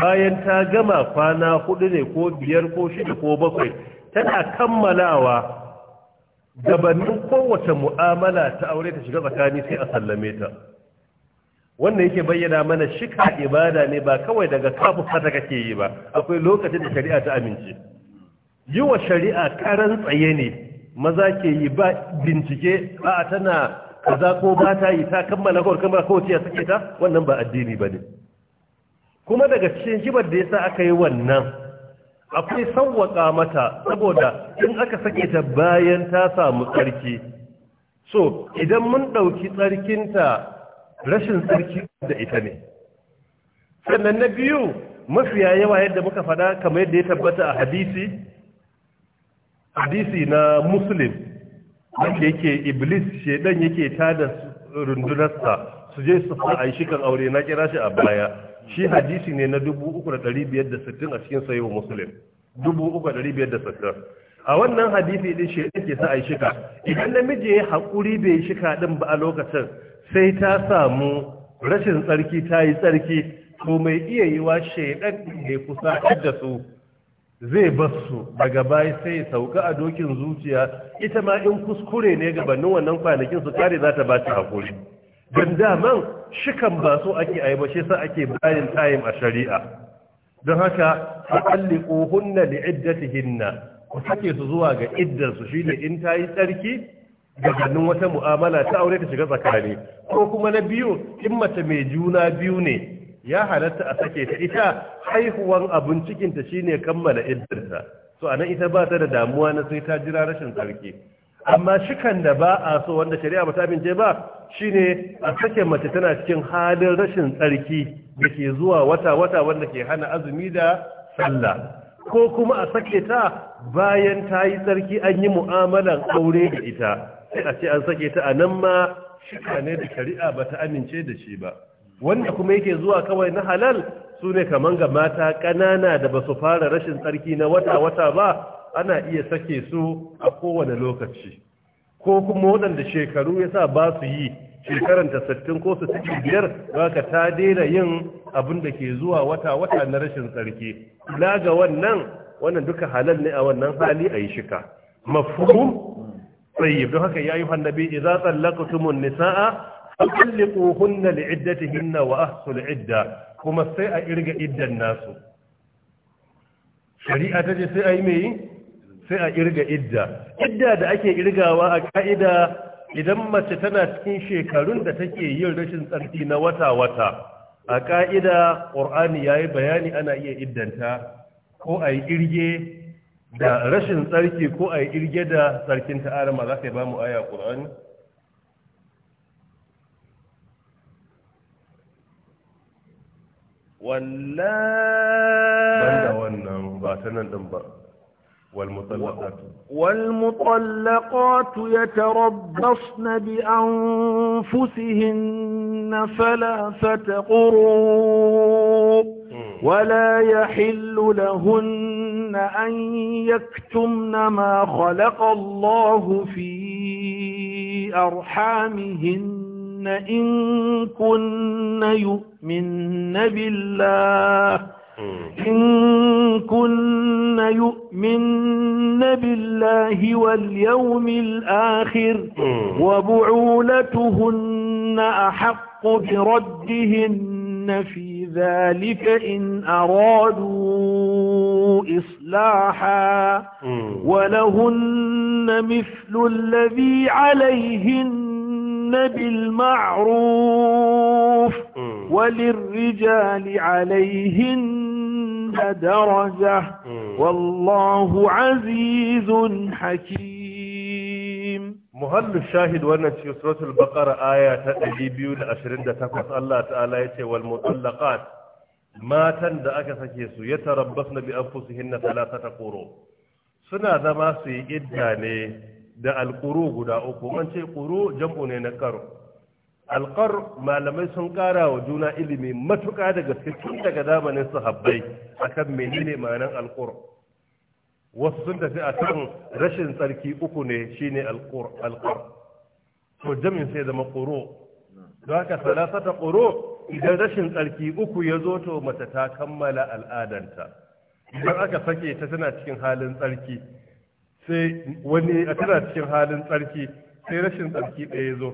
bayan ta gama kwana hudu ne ko biyar ko shida ko bakwai tana kammalawa gabanin kowace mu'amala ta aure ta shiga tsakani sai a sallame ta wannan yake bayyana mana shika ibada ne ba kawai daga kafin ta kake yi ba akwai lokacin da shari'a ta amince yi wa shari'a karan tsaye ne maza ke yi ba bincike ba a tana kaza ko ba ta yi ta kammala kawar kamar kowace ya sake ta wannan ba addini ba ne kuma daga cikin kibar da ya sa aka yi wannan akwai sauwaƙa mata saboda in aka sake ta bayan ta samu tsarki so idan mun ɗauki tsarkinta rashin tsarki da ita ne sannan na biyu mafiya yawa yadda muka faɗa kamar yadda ya tabbata a hadisi hadisi na muslim wanda yake iblis shedan yake tada rundunarsa su je su fa aishi kan aure na kira shi a baya shi hadisi ne na 3560 a cikin sahihu muslim 3560 a wannan hadisi din shedan ke sa ai shika idan namiji ya hakuri bai shika din ba a lokacin sai ta samu rashin tsarki ta yi tsarki to mai iya yiwa shedan ne kusa da su zai basu daga baya sai sauka a dokin zuciya ita ma in kuskure ne gabanin wannan kwanakin su kare za ta ba ta hakuri don daman shikan ba so ake a ba sa ake bayan tayin a shari'a don haka faƙalli ƙohunna da hinna. ku sake su zuwa ga iddarsu shi ne in ta yi tsarki gabanin wata mu'amala ta aure ta shiga tsakani ko kuma na biyu in mace mai juna biyu ne ya halatta a sake ta ita haihuwan abin cikinta shine kammala to so nan ita ba ta da damuwa na sai ta jira rashin tsarki amma shikan da ba a so wanda shari'a ba ta bince ba shine a sake mace tana cikin halin rashin tsarki da ke zuwa wata-wata wanda ke hana azumi da sallah ko kuma a sake ta bayan ta yi tsarki an yi mu'amalan aure da ita sai a ce an sake ta a nan ma shika ne da shari'a ba ta amince da shi ba wanda kuma yake zuwa kawai na halal su ne kaman ga mata ƙanana da ba su fara rashin tsarki na wata-wata ba ana iya sake su a kowane lokaci ko kuma waɗanda shekaru ya sa ba su yi shekaranta sittin ko su sittin biyar ba ka ta daina yin abin da ke zuwa wata-wata na rashin tsarki na ga wannan wannan duka halal ne a wannan hali a yi shika mafhum tsayi don haka ya yi hannabi idza nisaa hinna wa واحصوا Idda, kuma sai a irga iddan nasu shari'a ta ce sai a yi mai sai a irga idda idda da ake irgawa a ka'ida idan mace tana cikin shekarun da take yin rashin tsarki na wata-wata a ka'ida ƙor'ani ya yi bayani ana iya iddanta ko a yi irge da rashin tsarki ko a yi irge da tsarkin ta'arama za ka yi ba mu aya ƙor'ani والمطلقات والمطلقات يتربصن بأنفسهن فلا فتقروا ولا يحل لهن أن يكتمن ما خلق الله في أرحامهن إن كن يؤمن بالله إن كن يؤمن بالله واليوم الآخر وبعولتهن أحق بردهن في ذلك إن أرادوا إصلاحا ولهن مثل الذي عليهن بالمعروف وللرجال عليهن درجة والله عزيز حكيم مهل الشاهد وانا في سورة البقرة آية تأجيبيو لأشرين تفقص الله تعالى يتي والمطلقات ما تند أكسكيسو يتربصن بأنفسهن ثلاثة قروب سنة ذا ما سيئدها da alƙuru guda uku man ce ƙuru jam'u ne na ƙar alƙar malamai sun ƙara wa juna ilimi matuƙa da gaske tun daga zamanin sahabbai akan menene ma'anar alƙur wasu sun tafi a kan rashin tsarki uku ne shine alƙar to jamin sai zama ƙuru don haka salasata ƙuru idan rashin tsarki uku ya zo to mace ta kammala al'adanta idan aka sake ta tana cikin halin tsarki sai wani a tana cikin halin tsarki sai rashin tsarki ɗaya ya zo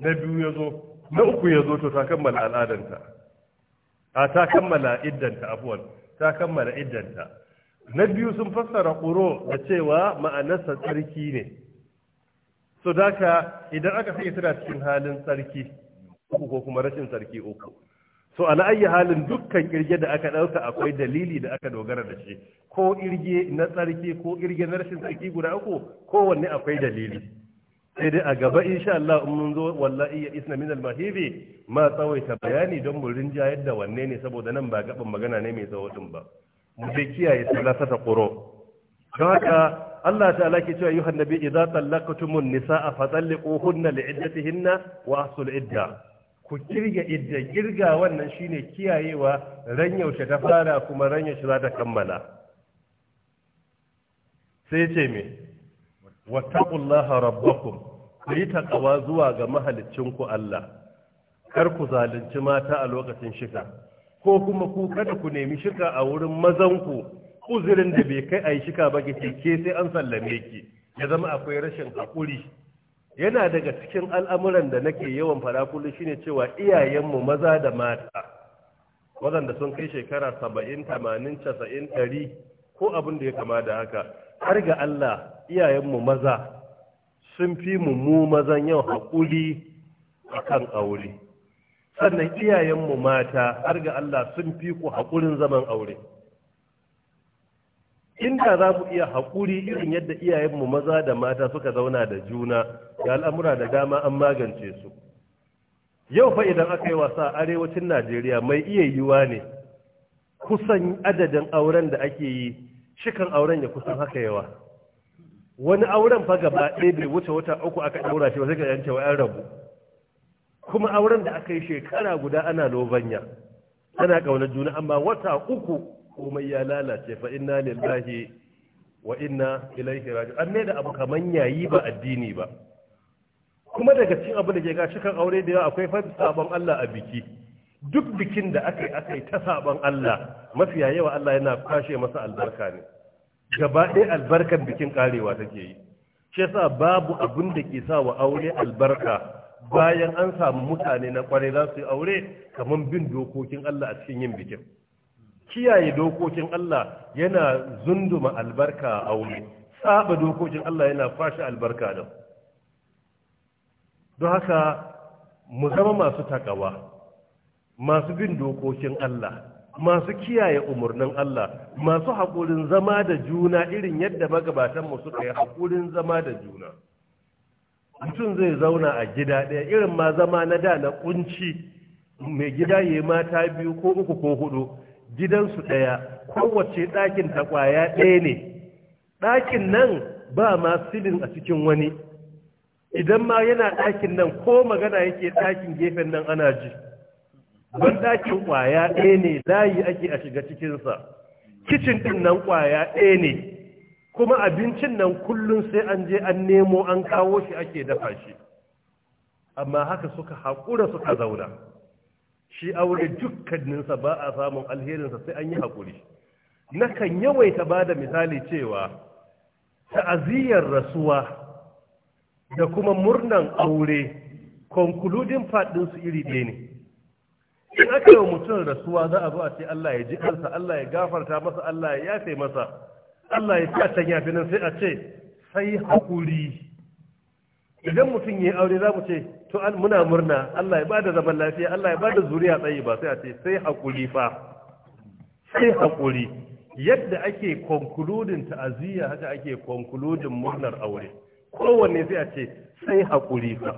na biyu ya zo na uku ya zo to ta kammala al'adanta a ta kammala iddanta abuwan ta kammala iddanta na biyu sun fassara ƙuro da cewa ma'anarsa tsarki ne so daga idan aka sake tana cikin halin tsarki uku ko kuma rashin tsarki uku so ala ayi halin dukkan kirge da aka ɗauka akwai dalili da aka dogara da shi ko irge na tsarki ko irge na rashin tsarki guda uku kowanne akwai dalili sai dai a gaba insha Allah in mun zo wallahi ya isna min al-mahibi ma tsawaita bayani don mu rinjayar da wanne ne saboda nan ba gaban magana ne mai tsawo din ba mu sai kiyaye salasata quro don haka Allah ta'ala ke cewa yuhan nabi idza tallaqtumun nisaa fa talliquhunna li'iddatihinna wa ahsul idda ku kirga idda kirga wannan shine kiyayewa ran yaushe ta fara kuma ran yaushe za ta kammala sai ce me wattaqullaha rabbakum ku yi taqwa zuwa ga ku Allah kar ku zalunci mata a lokacin shika ko kuma ku kada ku nemi shika a wurin mazanku uzurin da bai kai ai shika ba ke sai an sallame ki ya zama akwai rashin haƙuri yana daga cikin al'amuran da nake yawan fara kullum shine cewa iyayenmu maza da mata waɗanda sun kai shekara saba'in tamanin casa'in ɗari ko abin da ya kama da haka har ga Allah iyayenmu maza sun fi mu mazan yau haƙuri a kan aure sannan iyayenmu mata har ga Allah sun fi ku haƙurin zaman aure inda za mu iya haƙuri irin yadda iyayenmu maza da mata suka zauna da juna ga al'amura da dama an magance su yau fa idan aka yi wasa a arewacin najeriya mai iya yiwuwa ne kusan adadin auren da ake yi shikan auren ya kusan haka yawa wani auren fa gaba ɗaya bai wuce wata uku aka ɗaura shi ba sai ka yance wa 'yan rabu kuma auren da aka yi shekara guda ana lobanya ana ƙaunar juna amma wata uku komai ya lalace fa inna lillahi wa inna ilaihi raji an da abu kaman yayi ba addini ba kuma daga cikin abu da ke gashi kan aure da yawa akwai fa sabon Allah a biki duk bikin da aka yi ta sabon Allah mafiya yawa Allah yana kashe masa albarka ne gaba ɗaya albarkar bikin karewa take yi shi yasa babu abin da ke sa wa aure albarka bayan an samu mutane na kwarai za su yi aure kamar bin dokokin Allah a cikin yin bikin kiyaye dokokin Allah yana zunduma albarka a wuri Saba dokokin Allah yana fashi albarka da don haka mu zama masu takawa masu bin dokokin Allah masu kiyaye umarnin Allah masu haƙurin zama da juna irin yadda magabatanmu suka yi haƙurin zama da juna mutum zai zauna a gida ɗaya irin ma zama na da na ƙunci mai gida ya mata biyu ko uku ko hudu gidansu ɗaya kowace ɗakin ta ƙwaya ɗaya ne ɗakin nan ba ma silin a cikin wani idan ma yana ɗakin nan ko magana yake ɗakin gefen nan ana ji ban ɗakin ƙwaya ɗaya ne layi ake a shiga cikinsa kicin ɗin nan ƙwaya ɗaya ne kuma abincin nan kullum sai an je an nemo an kawo shi ake dafa shi amma haka suka haƙura suka zauna shi aure dukkaninsa ba a samun alherinsa sai an yi haƙuri nakan yawaita ba da misali cewa ta'aziyyar rasuwa da kuma murnan aure konkuludin faɗinsu iri ɗaya ne in aka yi wa mutum rasuwa za a zo a ce Allah ya ji kansa Allah ya gafarta masa Allah ya yafe masa Allah ya sa can yafi nan sai a ce sai haƙuri idan mutum ya yi aure za mu ce to an muna murna Allah ya bada zaman lafiya Allah ya bada zuriya tsayi ba sai a ce sai hakuri fa sai hakuri yadda ake konkuludin ta'aziyya haka ake concluding murnar aure kowanne sai a ce sai hakuri fa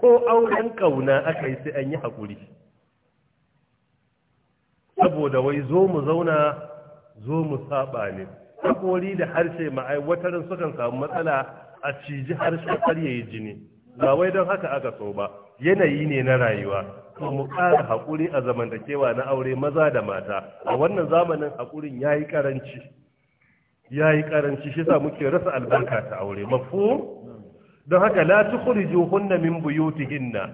ko auren kauna aka yi sai an yi hakuri saboda wai zo mu zauna zo mu saba ne hakori da harshe ma'ai watarin sukan samu matsala a ciji harshe har yayi jini ba wai don haka aka so ba yanayi ne na rayuwa to mu ƙara haƙuri a zamantakewa na aure maza da mata a wannan zamanin haƙurin ya yi ƙaranci ya yi ƙaranci shi sa muke rasa albarka ta aure mafu don haka la tukhriju hunna min buyutihinna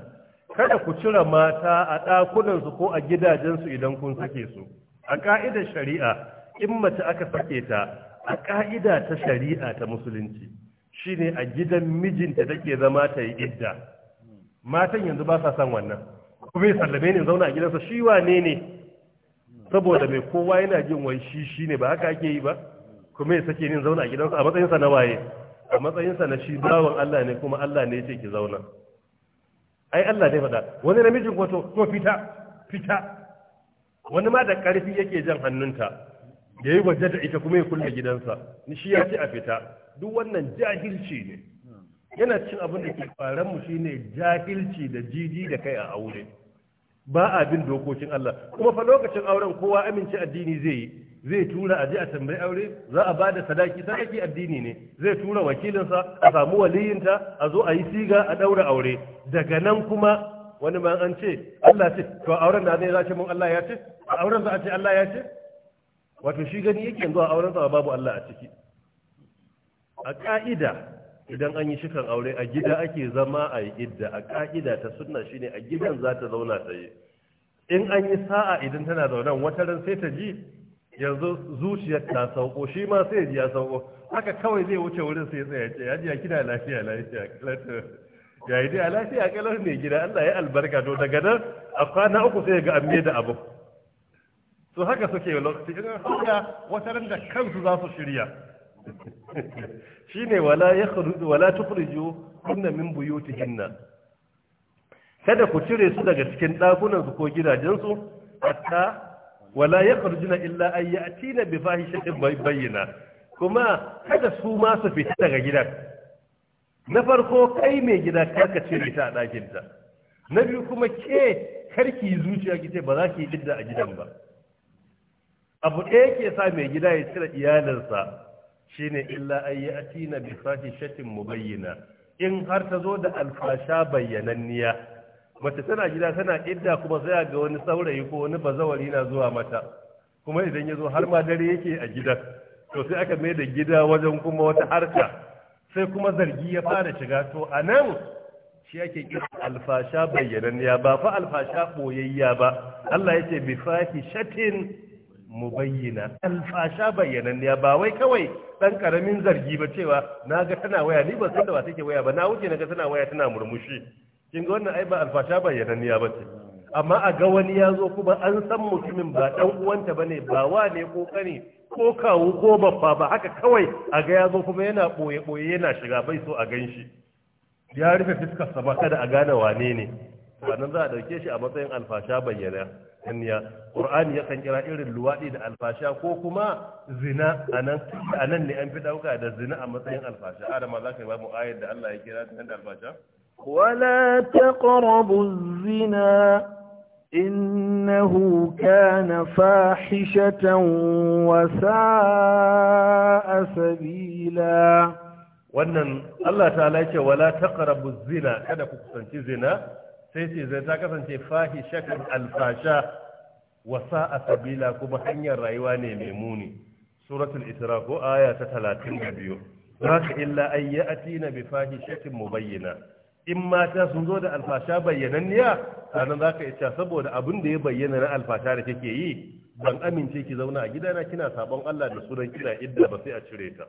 kada ku cire mata a ɗakunansu ko a gidajensu idan kun sake su a ka'idar shari'a in mace aka sake ta a ƙa'ida ta shari'a ta musulunci shine a gidan mijinta take zama ta yi idda matan yanzu ba sa son wannan kuma ya sallame ne zauna a gidansa shi wane ne saboda mai kowa yana jin wai shi shine ba haka ake yi ba kuma ya sake ni zauna a gidansa a matsayinsa na waye a matsayinsa na shi bawan Allah ne kuma Allah ne yake ki zauna ai Allah ne faɗa wani namijin ko to fita fita wani ma da ƙarfi yake jan hannunta ya yi waje da ita kuma ya kulle gidansa ni shi ya ce a fita duk wannan jahilci ne yana cin abin da ke faran mu shine jahilci da jiji da kai a aure ba a bin dokokin Allah kuma fa lokacin auren kowa amince addini zai yi zai tura a a tambayi aure za a bada sadaki sadaki addini ne zai tura wakilinsa a samu waliyinta a zo a yi siga a daura aure daga nan kuma wani ma an ce Allah ce to auren da ne za ce mun Allah ya ce auren za a ce Allah ya ce wato shi gani yake zuwa auren sa babu Allah a ciki a ka'ida idan an yi shikan aure a gida ake zama a yi idda a ka'ida ta sunna shine a gidan za ta zauna ta yi in an yi sa'a idan tana zaunan wata ran sai ta ji yanzu zuciyar ta sauko shi ma sai ji ya sauko haka kawai zai wuce wurin sai tsaya ce ya ji ya kina lafiya lafiya kalatu ya yi dai lafiya kalar ne gida Allah ya albarka to daga nan a kwana uku sai ga amme da abu su haka suke lokaci idan haka wata ran da kansu za su shirya shine wala yakhruju wala tukhriju kunna min buyutihinna kada ku cire su daga cikin dakunan su ko gidajensu hatta wala yakhrujuna illa an ya'tina bi fahishatin bayyina kuma kada su ma su fita daga gidan na farko kai mai gida karka cire ta a ɗakinta na biyu kuma ke karki zuciya ki ce ba za ki yi idda a gidan ba abu ɗaya yake sa mai gida ya cire iyalinsa shine illa ayi yi atina bi fahishatin mubayyana in har ta zo da alfasha bayyananniya mace tana gida tana idda kuma sai ga wani saurayi ko wani bazawari na zuwa mata kuma idan ya zo har ma dare yake a gidan to sai aka mai da gida wajen kuma wata harka sai kuma zargi ya fara shiga to a nan shi ake kira alfasha bayyananniya ba fa alfasha boyayya ba Allah ya ce bi fahishatin mubayyana alfasha bayyanan ya ba wai kawai dan karamin zargi ba cewa naga tana waya ni ba san da ba take waya ba na wuce naga tana waya tana murmushi kin ga wannan ai ba alfasha bayyanan ya ce. amma a ga wani ya zo kuma an san mutumin ba dan uwanta bane ba wa ne ko kane ko kawo ko babba ba haka kawai a ga ya zo kuma yana boye boye yana shiga bai so a gan shi. ya rufe fuskar sa ba kada a gane wane ne sannan za a dauke shi a matsayin alfasha bayyana danniya qur'ani yakan kira irin luwaɗi da alfasha ko kuma zina a nan ne an fi ɗauka da zina a matsayin alfasha adama zaka ba mu ayar da Allah ya kira ta da alfasha wala taqrabu zina innahu kana fahishatan wa sa'a sabila wannan Allah ta ce wala taqrabu zina kada ku kusanci zina sai ce zai ta kasance shakin alfasha wa sa'a sabila kuma hanyar rayuwa ne mai muni suratul isra ko aya ta talatin da Za ka illa ay ya'tina bi mu bayyana. in mata sun zo da alfasha bayyananniya za zaka iya saboda abin da ya bayyana na alfasha da kake yi ban amince ki zauna a gidana kina sabon Allah da sunan kina idda ba sai a cire ta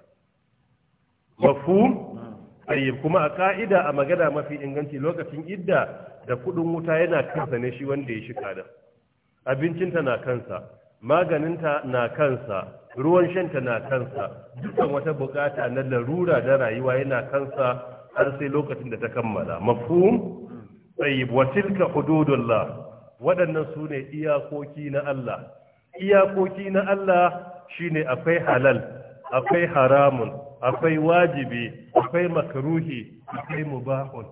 mafhum ayyub kuma a ka'ida a magana mafi inganci lokacin idda da kudin wuta yana kansa ne shi wanda ya shika da abincinta na kansa maganinta na kansa ruwan shanta na kansa dukkan wata bukata na larura da rayuwa yana kansa har sai lokacin da ta kammala mafhum tayyib wa tilka hududullah waɗannan su ne iyakoki na Allah iyakoki na Allah shine akwai halal akwai haramun akwai wajibi akwai makaruhi, akwai mubahun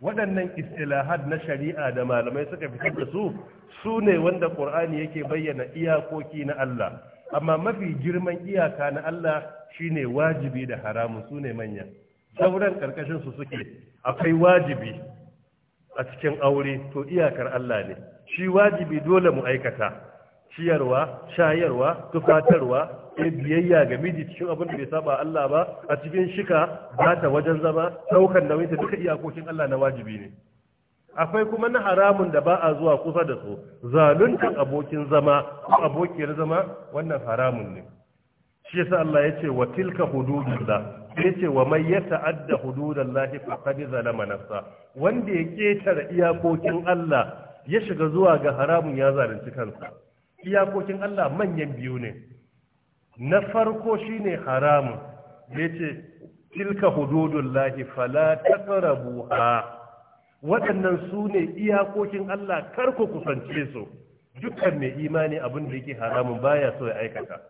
waɗannan istilahat na shari'a da malamai suka fitar da su su ne wanda ƙur'ani yake bayyana iyakoki na Allah amma mafi girman iyaka na Allah shine wajibi da haramun su ne manya sauran ƙarƙashin su suke akwai wajibi a cikin aure to iyakar Allah ne shi wajibi dole mu aikata ciyarwa shayarwa tufatarwa a eh, biyayya ga miji cikin abin da bai saba Allah ba a cikin shika za ta wajen zama ɗaukar nauyinta duka iyakokin Allah na wajibi ne akwai kuma na haramun da ba a zuwa kusa da su zaluntar abokin zama ko abokiyar zama wannan haramun ne shi yasa Allah ya ce wa tilka hududullah ya ce wa man yata'adda hududallahi faqad zalama nafsa wanda ya ketare iyakokin Allah ya shiga zuwa ga haramun ya zalunci kansa iyakokin Allah manyan biyu ne na farko shine haramun da yace tilka hududullahi fala taqrabuha waɗannan su ne iyakokin Allah kar ku kusance su dukkan mai imani abin da yake haramun baya so ya aikata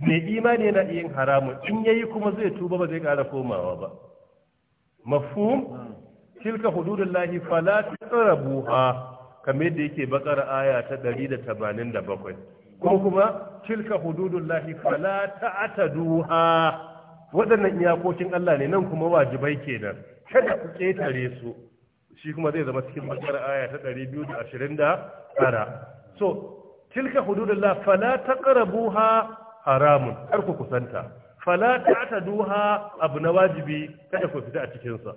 mai imani yana iya yin haramun in yayi kuma zai tuba ba zai ƙara komawa ba mafhum hmm. tilka hududullahi fala taqrabuha kamar da yake bakar aya ta 187 ko kuma tilka lahi fala duha. waɗannan iyakokin Allah ne nan kuma wajibai kenan kada ku ketare su shi kuma zai zama cikin bakar aya ta 229 so tilka lahi fala taqrabuha haramun kar ku kusanta fala duha abu na wajibi kada ku fita a cikin sa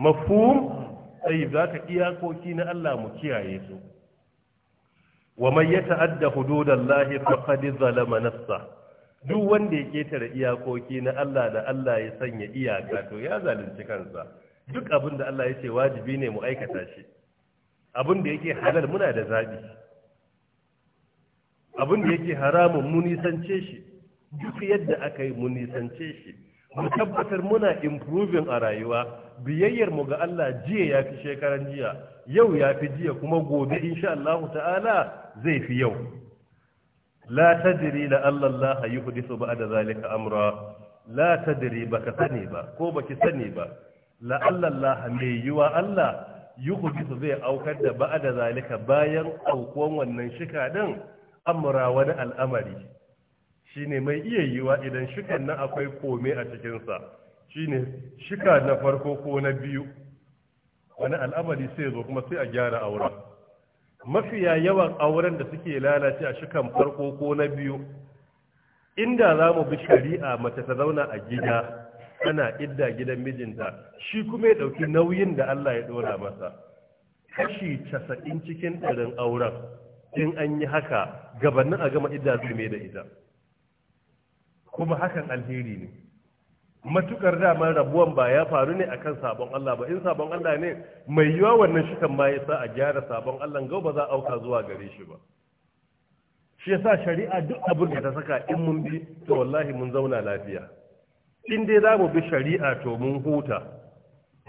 mafhum tsayi za ka iyakoki na Allah mu kiyaye su wa man yata'adda hududallahi faqad zalama nafsa duk wanda ya ketare iyakoki na Allah da Allah ya sanya iyaka to ya zalunci kansa duk abin da Allah ya wajibi ne mu aikata shi abin da yake halal muna da zabi abin da yake haramun mu nisance shi duk yadda aka yi mu nisance shi mu tabbatar muna improving a rayuwa biyayyar mu ga Allah jiya ya fi shekaran jiya yau ya fi jiya kuma gobe insha Allah ta'ala zai fi yau la tadri la Allah Allah yuhdithu ba'da zalika amra la tadri baka sani ba ko baki sani ba la Allah Allah mai yuwa Allah yuhdithu zai aukar da ba'da zalika bayan aukuwan wannan shika din amra wani al'amari Shi ne mai iya yiwa idan shikan nan akwai kome a cikinsa shi ne shika na farko ko na biyu wani al'amari sai zo kuma sai a gyara auren mafiya yawan auren da suke lalace a shikan farko ko na biyu inda za mu bi shari'a mace ta zauna a gida tana idda gidan mijinta shi kuma ya ɗauki nauyin da Allah ya ɗora masa kashi casa'in cikin ɗarin auren in an yi haka gabanin a gama idda zai mai da ita kuma hakan alheri ne matukar daman rabuwan ba ya faru ne akan sabon Allah ba in sabon Allah ne mai yiwa wannan shi kan ya sa a gyara sabon Allah gau ba za a auka zuwa gare shi ba shi yasa shari'a duk abin da ta saka in mun bi to wallahi mun zauna lafiya in dai za mu bi shari'a to mun huta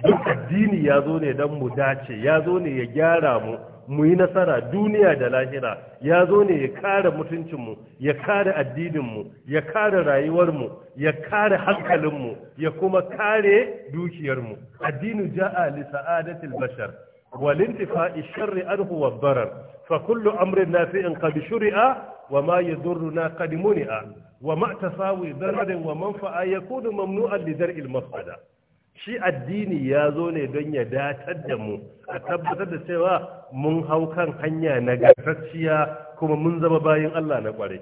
duk addini ya zo ne don mu dace ya zo ne ya gyara mu mu yi nasara duniya da lahira ya zo ne ya kare mutuncinmu ya kare addininmu ya kare rayuwarmu ya kare hankalinmu ya kuma kare dukiyarmu addinu ja'a li sa'adatil bashar wal intifa'i sharri anhu wa darar fa kullu amrin nafi'in qad shuri'a wa ma yadurruna qad muni'a wa ma tasawi dararin wa manfa'a yakunu mamnu'an li dar'il mafsada shi addini ya zo ne don ya datar da mu a tabbatar da cewa mun hau kan hanya na nagartacciya kuma mun zama bayan Allah na kwarai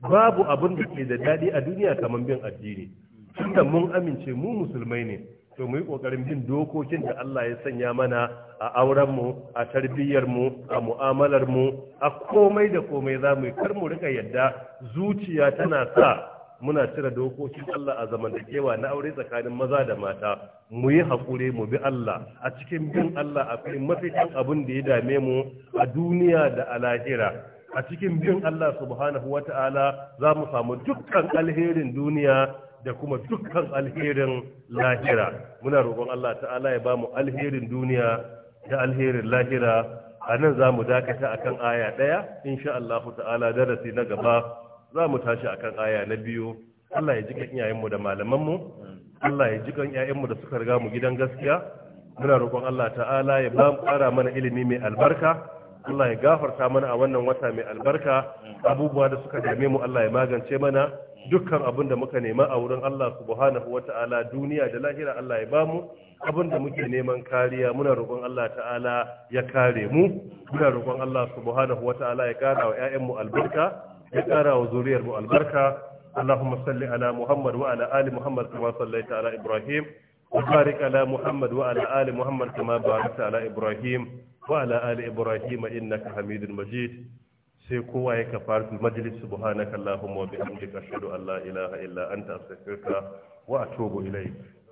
babu abin da ke da daɗi a duniya kamar bin addini tunda mun amince mu musulmai ne to mu yi kokarin bin dokokin da Allah ya sanya mana a auren mu a tarbiyyar mu a mu'amalar mu a komai da komai za mu yi kar mu rika yadda zuciya tana sa muna cire dokokin Allah a zamantakewa na aure tsakanin maza da mata mu yi haƙure mu bi Allah a cikin bin Allah akwai mafitan abin da ya dame mu a duniya da a lahira a cikin bin Allah subhanahu ta'ala za mu samu dukkan alherin duniya da kuma dukkan alherin lahira muna roƙon Allah ta'ala ya ba mu alherin duniya da alherin lahira a nan za mu dakata akan aya ɗaya insha Allah ta'ala darasi na gaba za mu tashi akan aya na biyu Allah ya ji kan iyayenmu da malamanmu Allah ya ji kan iyayenmu da suka riga mu gidan gaskiya muna roƙon Allah ta'ala ya ba mu ƙara mana ilimi mai albarka Allah ya gafarta mana a wannan wata mai albarka abubuwa da suka dame mu Allah ya magance mana dukkan abin da muka nema a wurin Allah subhanahu wata'ala duniya da lahira Allah ya ba mu abin da muke neman kariya muna roƙon Allah ta'ala ya kare mu muna roƙon Allah subhanahu wata'ala ya kara wa 'ya'yanmu albarka ya ƙara wa zuriyar mu albarka Allahumma salli ala Muhammad wa ala ali Muhammad kama sallaita ala Ibrahim wa barik ala Muhammad wa ala ali Muhammad kama barakta ala Ibrahim wa ala ali Ibrahim innaka Hamidul Majid sai kowa ya ka kafaratul majlis subhanakallahumma wa bihamdika ashhadu an la ilaha illa anta astaghfiruka wa atubu ilayk